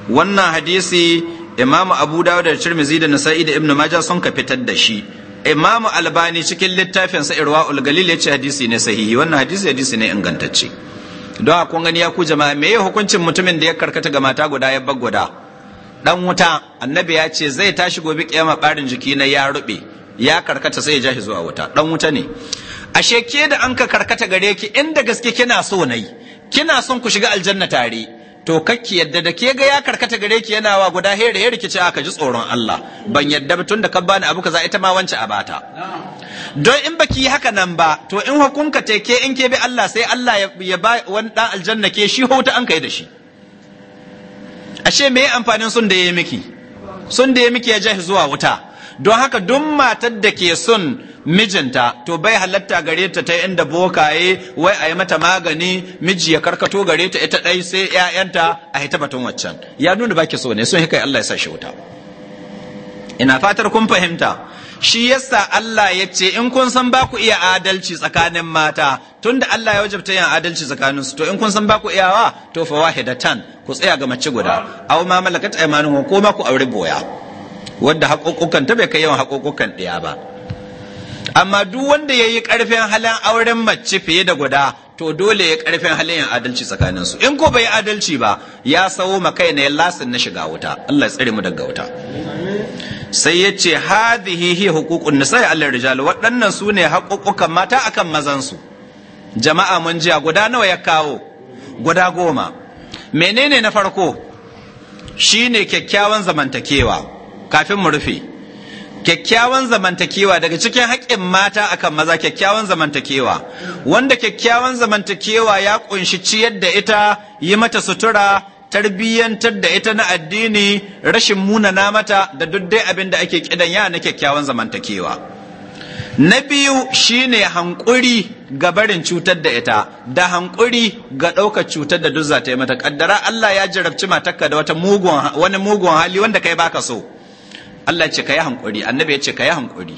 wannan hadisi imamu abu dawud da tirmidhi da nasa'i da ibnu majah sun ka fitar da shi imamu albani cikin littafin sa irwa galil ya ce hadisi ne sahihi wannan hadisi hadisi ne ingantacce don a kun gani ya ku jama'a me ya hukuncin mutumin da ya karkata ga mata guda ya bar guda dan wuta annabi ya ce zai tashi gobe kiyama barin jiki na ya rube ya karkata sai ya jahi zuwa wuta dan wuta ne ashe ke da an ka karkata gare ki inda gaske kina so nayi kina son ku shiga aljanna tare to kakki yadda da ke ga ya karkata gare ki yana wa guda here ya rikice aka ji tsoron Allah ban yadda ba tun da ka bani abu kaza ita ma wance a bata don in baki yi haka nan ba to in hukunka te ke in ke bi Allah sai Allah ya ba wani dan aljanna ke shi hota an kai da shi ashe me amfanin sun da ya miki sun da ya miki ya jahi zuwa wuta don haka duk matar da ke sun mijinta to bai halatta gare ta ta inda bokaye wai a yi mata magani miji ya karkato gare ta ita ɗai sai ƴaƴanta a hita batun waccan ya nuna ba ki so ne sun hikai Allah ya sa shi wuta ina fatar kun fahimta shi yasa Allah ya ce in kun san ba ku iya adalci tsakanin mata tunda Allah ya wajabta yin adalci tsakanin su to in kun san ba ku iyawa to fa wahidatan ku tsaya ga mace guda aw ma malakat aymanuhum ko ma ku aure boya wanda haƙoƙokan ta bai kai yawan haƙoƙokan ɗaya ba amma duk wanda ya yi ƙarfin halin auren mace fiye da guda to dole ya ƙarfin halin yin adalci tsakaninsu in ko bai adalci ba ya sawo kai na lasin na shiga wuta Allah ya tsare mu daga wuta sai ya ce hadhihi hi huququn ya Allah rijal waɗannan su ne haƙuƙukan mata akan mazansu jama'a mun jiya guda nawa ya kawo guda goma menene na farko shine kyakkyawan zamantakewa kafin mu rufe kyakkyawan zamantakewa daga cikin haƙƙin mata akan maza kyakkyawan zamantakewa wanda kyakkyawan zamantakewa ya ƙunshi ciyar da ita yi mata sutura tarbiyyantar da ita na addini rashin muna na mata da duk dai abin da ake kidan ya na kyakkyawan zamantakewa na biyu shine hankuri ga barin cutar da ita da hankuri ga ɗaukar cutar da duk za ta yi mata kaddara Allah ya jarabci matarka da wani mugun hali wanda kai baka so Allah ce ka yi hankuri annabi ya ce ka yi hankuri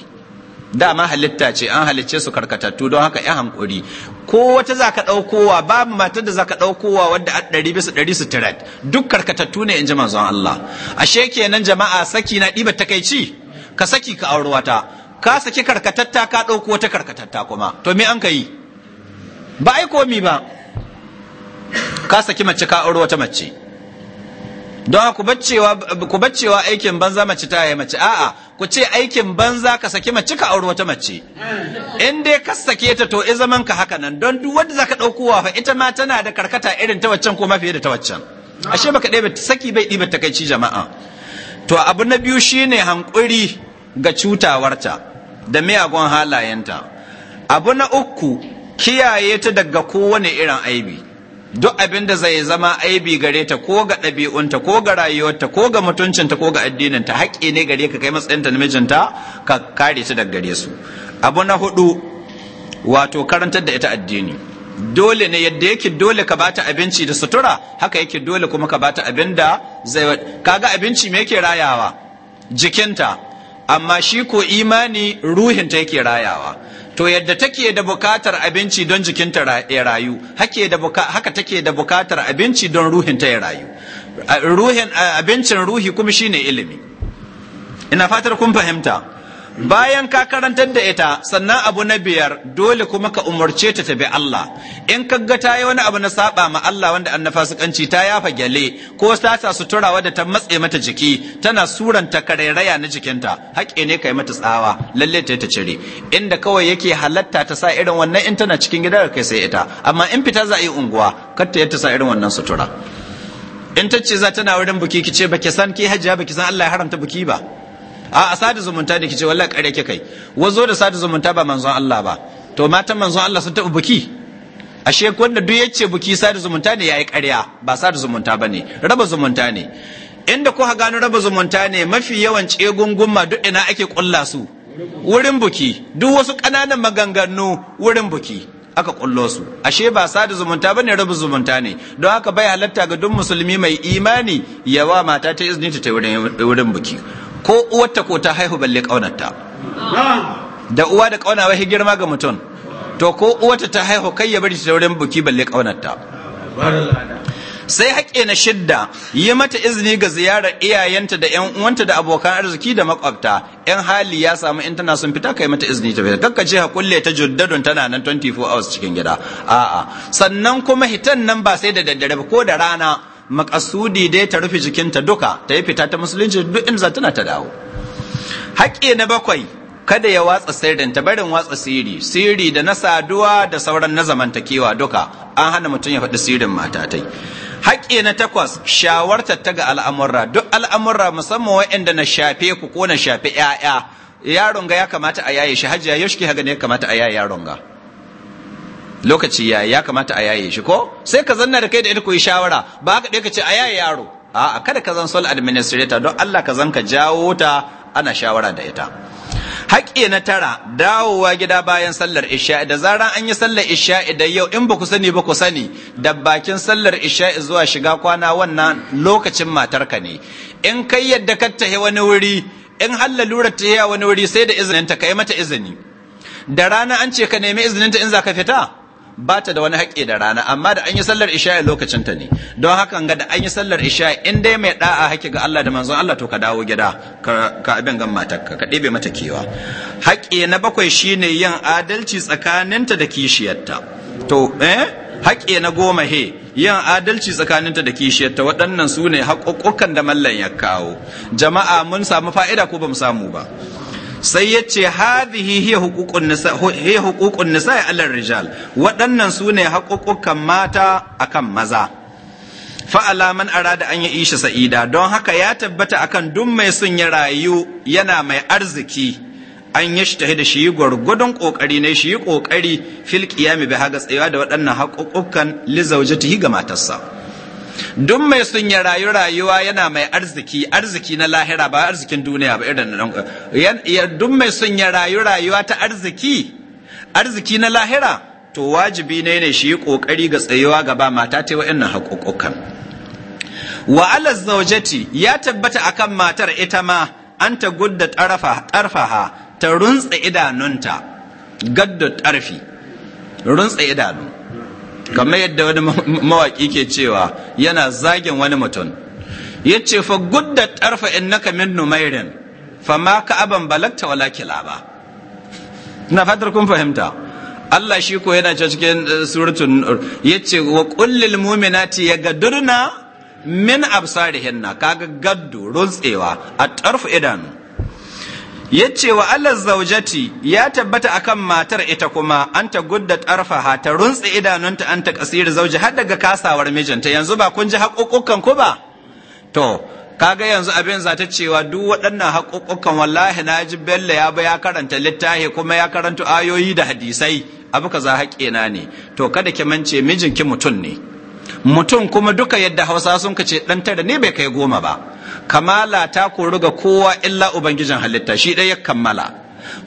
dama halitta ce an halicce su karkatattu don haka ya hankuri ko wata za ka ɗaukowa babu matar da za ka ɗaukowa wadda a ɗari bisa ɗari su sitirat duk karkatattu ne in ji manzon Allah ashe kenan jama'a saki na ɗiba takaici ka saki ka auri wata ka saki karkatatta ka ɗauko wata karkatatta kuma to me an ka yi ba ai komi ba ka saki mace ka auri wata mace don ku baccewa aikin banza mace ta yi mace a'a ku ce aikin banza ka saki mace ka auri wata mace in dai ka sake ta to i zaman ka haka nan don duk wanda zaka dauko wa fa ita ma tana da karkata irin ta waccan ko mafiye da ta waccan ashe baka bata saki bai ɗiba takaici jama'a to abu na biyu shine hankuri ga cutawarta da miyagun halayenta abu na uku kiyaye ta daga kowane irin aibi duk abin da zai zama aibi gare ta ko ga ɗabi'unta ko ga rayuwarta ko ga mutuncinta ko ga addininta haƙƙi ne gare ka kai matsayinta na mijinta ka kare ta daga gare su abu na hudu wato karantar da ita addini dole ne yadda yake dole ka bata abinci da sutura haka yake dole kuma ka bata abin da zai kaga abinci me yake rayawa jikinta amma shi ko imani ruhinta yake rayawa to yadda take da bukatar abinci don jikinta ya rayu haka take da bukatar abinci don ruhinta ya rayu abincin ruhi kuma shine ilimi ina fatar kun fahimta bayan ka karantar da ita sannan abu na biyar dole kuma ka umarce ta tabi Allah in ka ga ta yi wani abu na saba ma Allah wanda an na fasikanci ta yafa gyale ko ta ta sutura wadda ta matse mata jiki tana suranta karairaya na jikinta haƙƙi ne kai mata tsawa lalle ta ta cire inda kawai yake halatta ta sa irin wannan in tana cikin gidan kai sai ita amma in fita za a yi unguwa kar ta sa irin wannan sutura in ta ce za tana wurin buki ki ce baki san ki hajiya baki san Allah ya haramta buki ba a sada zumunta da kice wallahi kare kike kai wazo da sada zumunta ba manzon Allah ba to matan manzon Allah sun taɓa buki ashe wanda duk yace buki sada zumunta ne yayi ƙarya ba sada zumunta bane raba zumunta ne inda kuka gano raba zumunta ne mafi yawan tsegungumma duk ina ake kulla su wurin buki duk wasu ƙananan maganganu wurin buki aka kullo su ashe ba sada zumunta bane rabu zumunta ne don haka bai halatta ga duk musulmi mai imani yawa mata ta izini ta wurin buki ko uwarta ko ta haihu balle ƙaunarta da uwa da ƙauna wai girma ga mutum to ko uwarta ta haihu kai ya bari ta wurin buki balle ƙaunarta sai haƙƙi na shidda yi mata izini ga ziyarar iyayenta da 'yan uwanta da abokan arziki da makwabta 'yan hali ya samu in tana sun fita kai mata izini ta fita kakka ce hakulle ta juddadun tana nan 24 hours cikin gida a'a sannan kuma hitan nan ba sai da daddare ko da rana makasudi dai ta rufe jikinta duka ta yi fita ta musulunci duk inda tana ta dawo haƙƙi na bakwai kada ya watsa sirrin ta barin watsa sirri sirri da na saduwa da sauran na zamantakewa duka an hana mutum ya faɗi sirrin matatai haƙƙi na takwas shawartar ta ga al'amurra duk al'amurra musamman waɗanda na shafe ku ko na shafe 'ya'ya yaron ga ya kamata a yaye shi hajiya haga shi ne ya kamata a yaye yaron ga lokaci ya ya kamata a yaye shi ko sai ka zanna da kai da ita ku yi shawara ba ka dai ka ce a yaye yaro a'a kada ka zan sol administrator don Allah ka zan ka jawo ta ana shawara da ita haƙƙi na tara dawowa gida bayan sallar isha'i da zaran an yi sallar isha'i da yau in ba ku sani ba ku sani da bakin sallar isha'i zuwa shiga kwana wannan lokacin matarka ne in kai yadda ka tahi wani wuri in halla lura ta wani wuri sai da izinin ta kai mata izini da rana an ce ka nemi izinin ta in za ka fita ba ta da wani haƙƙi da rana amma da an yi sallar isha'i lokacin ta ne don hakan ga da an yi sallar isha'i in dai mai da'a haƙƙi ga Allah da manzon Allah to ka dawo gida ka abin gan matarka ka ɗebe mata kewa haƙƙi na bakwai shine yin adalci tsakaninta da kishiyarta to eh haƙƙi na goma he yin adalci tsakaninta da kishiyarta waɗannan su ne haƙoƙokan da mallan ya kawo jama'a mun samu fa'ida ko ba mu samu ba sai ya ce hadihi hiya hukukun nisa ya alar rijal waɗannan su ne haƙuƙukan mata kan maza fa'ala man arada an yi isha sa'ida don haka ya tabbata akan duk mai sun ya rayu yana mai arziki an yi shi da shi yi gwargwadon ƙoƙari ne shi yi ƙoƙari fil ƙiyami bai haga tsayawa da waɗannan haƙuƙukan li ta ga matarsa duk mai sun ya rayu rayuwa yana mai arziki arziki na lahira ba arzikin duniya ba irin nan duk mai sun ya rayu rayuwa ta arziki arziki na lahira to wajibi ne ne shi kokari ga tsayuwa gaba mata ta nan haƙoƙokan wa ala zaujati ya tabbata akan matar ita ma an ta gudda tarfaha ta runtsa idanunta gadda tarfi runtsa idanu kamar yadda wani mawaƙi ke cewa yana zagin wani mutum ya ce fa gudda tarfa innaka min numairin fa ma ka aban balagta wala ba ina fatar kun fahimta Allah shi ko yana cikin eh, suratun ya ce wa kullil muminati ya gadurna min absarihinna kaga gaddu rutsewa a tarfa idanu Ya ce wa Allah zaujati ya tabbata akan matar ita kuma an ta gudda tarfaha ta runtse idanunta an ta kasiri zauji har daga kasawar mijinta yanzu ba kun ji haƙoƙokan ku ba to kaga yanzu abin zata cewa duk waɗannan haƙoƙokan wallahi na ji bello ya ba ya karanta littafi kuma ya karanta ayoyi da hadisai abu kaza na ne to kada ki mance mijinki mutum ne mutum kuma duka yadda hausa sun kace ɗan tara ne bai kai goma ba kamala ta koru ga kowa illa ubangijin halitta shi ɗaya ya kammala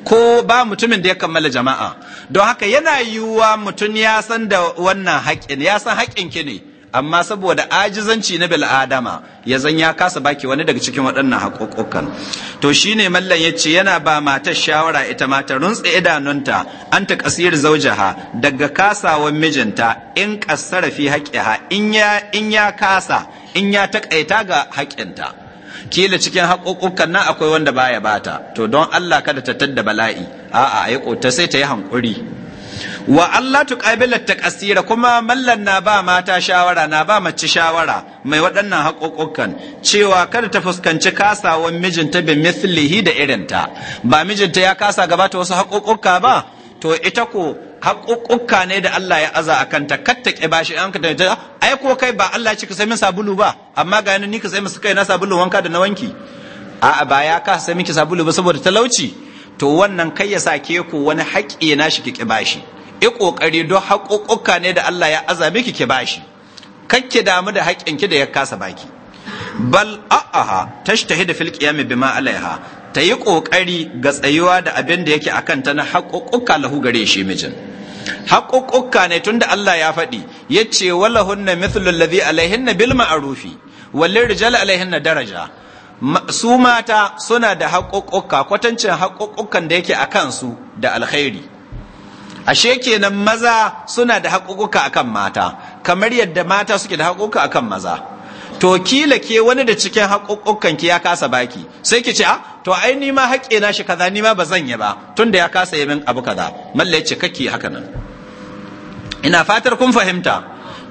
ko ba mutumin da ya kammala jama'a don haka yana yiwuwa mutum ya san da wannan haƙƙin ya san haƙƙin ki ne amma saboda ajizanci na bil'adama ya zan ya kasa baki wani daga cikin waɗannan haƙoƙokan to shine mallan ya ce yana ba matar shawara ita mata runtse idanunta an ta kasir zaujaha daga kasawan mijinta in kasara fi haƙƙiha ya in ya kasa in ya taƙaita ga haƙƙinta kila cikin haƙoƙukan nan akwai wanda baya bata to don Allah kada ta tadda bala'i a'a ai kota sai ta yi hankuri wa Allah qabila taqsira kuma mallan na ba mata shawara na ba mace shawara mai waɗannan haƙoƙokan cewa kada ta fuskanci kasawan mijinta bi mislihi da irinta ba mijinta ya kasa gabata wasu haƙoƙoka ba to ita ko haƙuƙuka ne da Allah ya aza a kanta kar ta an ka ta ai ko kai ba Allah ci ka sai min sabulu ba amma ga ni ka sai min kai na sabulu wanka da na wanki a'a ba ya ka sai miki sabulu ba saboda talauci to wannan kai ya sake ku wani haƙƙi na shi ki bashi i ƙoƙari don haƙuƙuka ne da Allah ya aza miki ki bashi kakke damu da ki da ya kasa baki bal a'aha tashtahida fil qiyam bima alaiha ta yi ƙoƙari ga tsayuwa da abin da yake akan ta na haƙoƙuka lahu gare shi mijin haƙoƙuka ne tunda Allah ya faɗi ya ce walahunna mithlul ladhi bilma a rufi wallin rijal na daraja su mata suna da haƙoƙuka kwatancin haƙuƙukan da yake akan su da alkhairi ashe kenan maza suna da haƙoƙuka akan mata kamar yadda mata suke da haƙoƙuka akan maza to kila ke wani da cikin haƙoƙukan ki ya kasa baki sai ki ce a ah, to ai ni ma haƙe na shi kaza ni ma ba zan yi ba tunda ya kasa yi min abu kaza malla ya ce kake haka nan ina fatar kun fahimta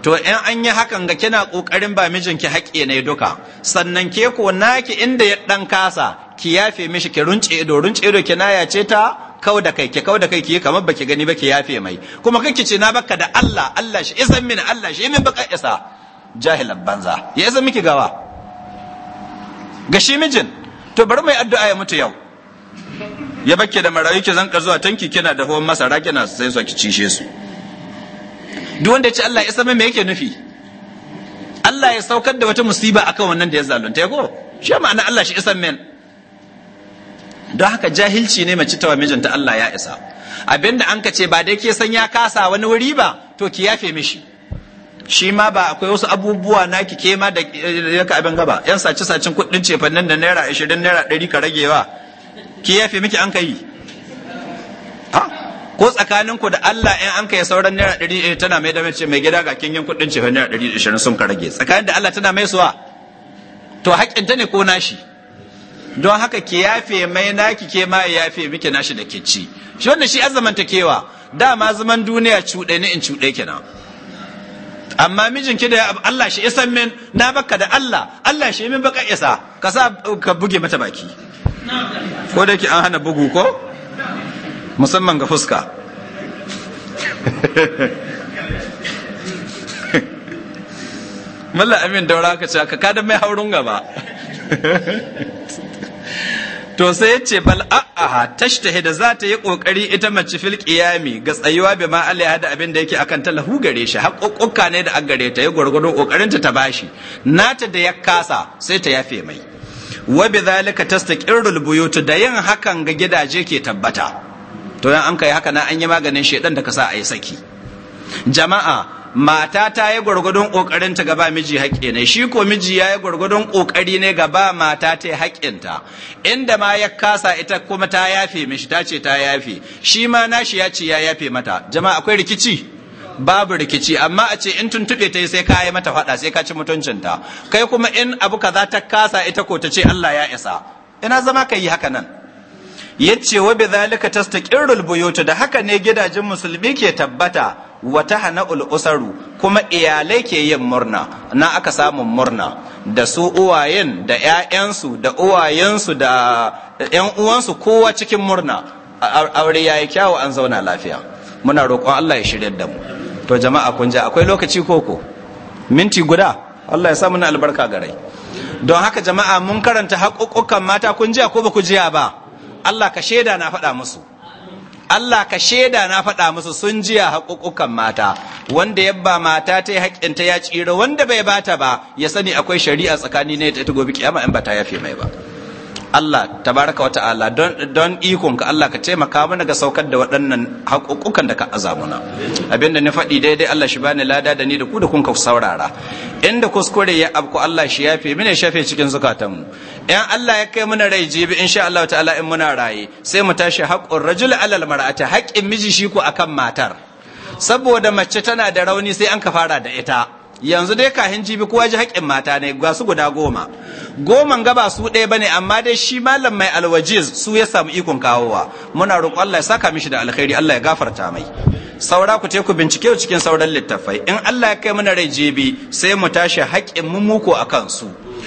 to in an yi hakan ga kina kokarin ba mijinki haƙe ne duka sannan ke ko naki inda ya dan kasa ki yafe mishi ki runce ido runce ido ya ce ta kau da kai ki kau da kai ki kamar baki gani ba ki yafe mai kuma kake ce na baka da Allah Allah shi isan min Allah shi min baka isa jahilan banza ya isa miki gawa ga shi mijin to bari mai addu'a ya mutu yau ya bakke da marayu ki zanka zuwa tanki kina da hawan masara kina sai su ki cishe su duk wanda ya ce Allah ya san me yake nufi Allah ya saukar da wata musiba akan wannan da ya zalunta ko shi ma'ana Allah shi isan men don haka jahilci ne mace tawa mijinta Allah ya isa abinda an ka ce ba dai ke san ya kasa wani wuri ba to ki yafe mishi shi ma ba akwai wasu abubuwa na ke ma da eh, ka abin gaba yan sace sacin kuɗin cefannin da naira 20 naira 100 ka ragewa ki yafe miki an kai ko tsakanin ku da Allah in an kai sauran naira 100 eh, tana mai da mace mai gida ga kin yin kuɗin cefa naira 120 sun ka rage tsakanin da Allah tana mai suwa to haƙƙinta ne ko nashi don haka ki yafe mai naki ke ma yafe miki nashi da ke ci shi wannan shi azamantakewa dama zaman duniya cuɗe ni in cuɗe kenan amma mijinki da Allah shi isan min na baka da Allah Allah shi min baka isa ka sa ka buge mata baki ko da ki an hana bugu ko musamman ga fuska Malla amin daura ka ce ka kada mai haurun gaba to sai ya ce bal a'aha tashtahi da za ta yi kokari ita mace fil qiyami ga tsayuwa bi ma Allah ya da abin da yake akan ta lahu gare shi haƙoƙoka ne da gare ta yi gwargwado kokarin ta ta bashi nata da ya kasa sai ta yafe mai wa bi zalika tastaqirul buyut da yin hakan ga gidaje ke tabbata to yan an kai haka na an yi maganin shedan da ka sa a yi saki jama'a mata ta yi gwargwadon kokarin ta gaba miji haƙƙi ne shi ko miji ya yi gwargwadon kokari ne gaba mata ta yi haƙƙinta inda ma ya kasa ita kuma ta yafe mishi ta ce ta yafe shi ma nashi ya ce ya yafe mata jama'a akwai rikici babu rikici amma a ce in tuntuɓe ta yi sai ka yi mata faɗa sai ka ci mutuncinta kai kuma in abu kaza ta kasa ita ko ta ce Allah ya isa ina zama ka yi haka nan yace wa bi zalika tastaqirul buyut da haka ne gidajen musulmi ke tabbata wata hana ul'usaru kuma iyalai ke yin murna na aka samun murna da su uwayen da 'ya'yansu da uwayensu da 'yan uwansu kowa cikin murna aure yayi kyawu an zauna lafiya muna roƙon Allah ya shirya da mu to jama'a kun ji akwai lokaci koko minti guda Allah ya sa muna albarka garai don haka jama'a mun karanta haƙoƙokan mata kun jiya ko ba ku jiya ba Allah ka shaida na faɗa musu Allah ka shaida na faɗa musu sun jiya haƙuƙukan mata wanda ya mata ta yi ta ya tsira wanda bai bata ba ya sani akwai shari'a tsakani ne ta gobe kiyama in ta yafe mai ba Allah tabaraka wata'ala don don ikon ka Allah ka taimaka mana ga saukar da waɗannan haƙuƙukan da ka azamuna abinda na faɗi daidai Allah shi bani lada da ni da ku da kun ka saurara inda kuskure ya abku Allah shi yafe ya shafe cikin zukatanmu yan Allah ya kai muna rai jibi in sha Allah ta'ala in muna raye sai mu tashi haƙƙun rajul alal mar'ata haƙƙin miji shi ku akan matar saboda mace tana da rauni sai an ka fara da ita yanzu dai kahin jibi kowa ji haƙƙin mata ne ga su guda goma goman gaba su ɗaya bane amma dai shi malam mai alwajiz su ya samu ikon kawowa muna roƙo Allah ya saka mishi da alkhairi Allah ya gafarta mai saura ku ku bincike cikin sauran littafai. in Allah ya kai mana rai jibi sai mu tashi haƙƙin mu muko akan su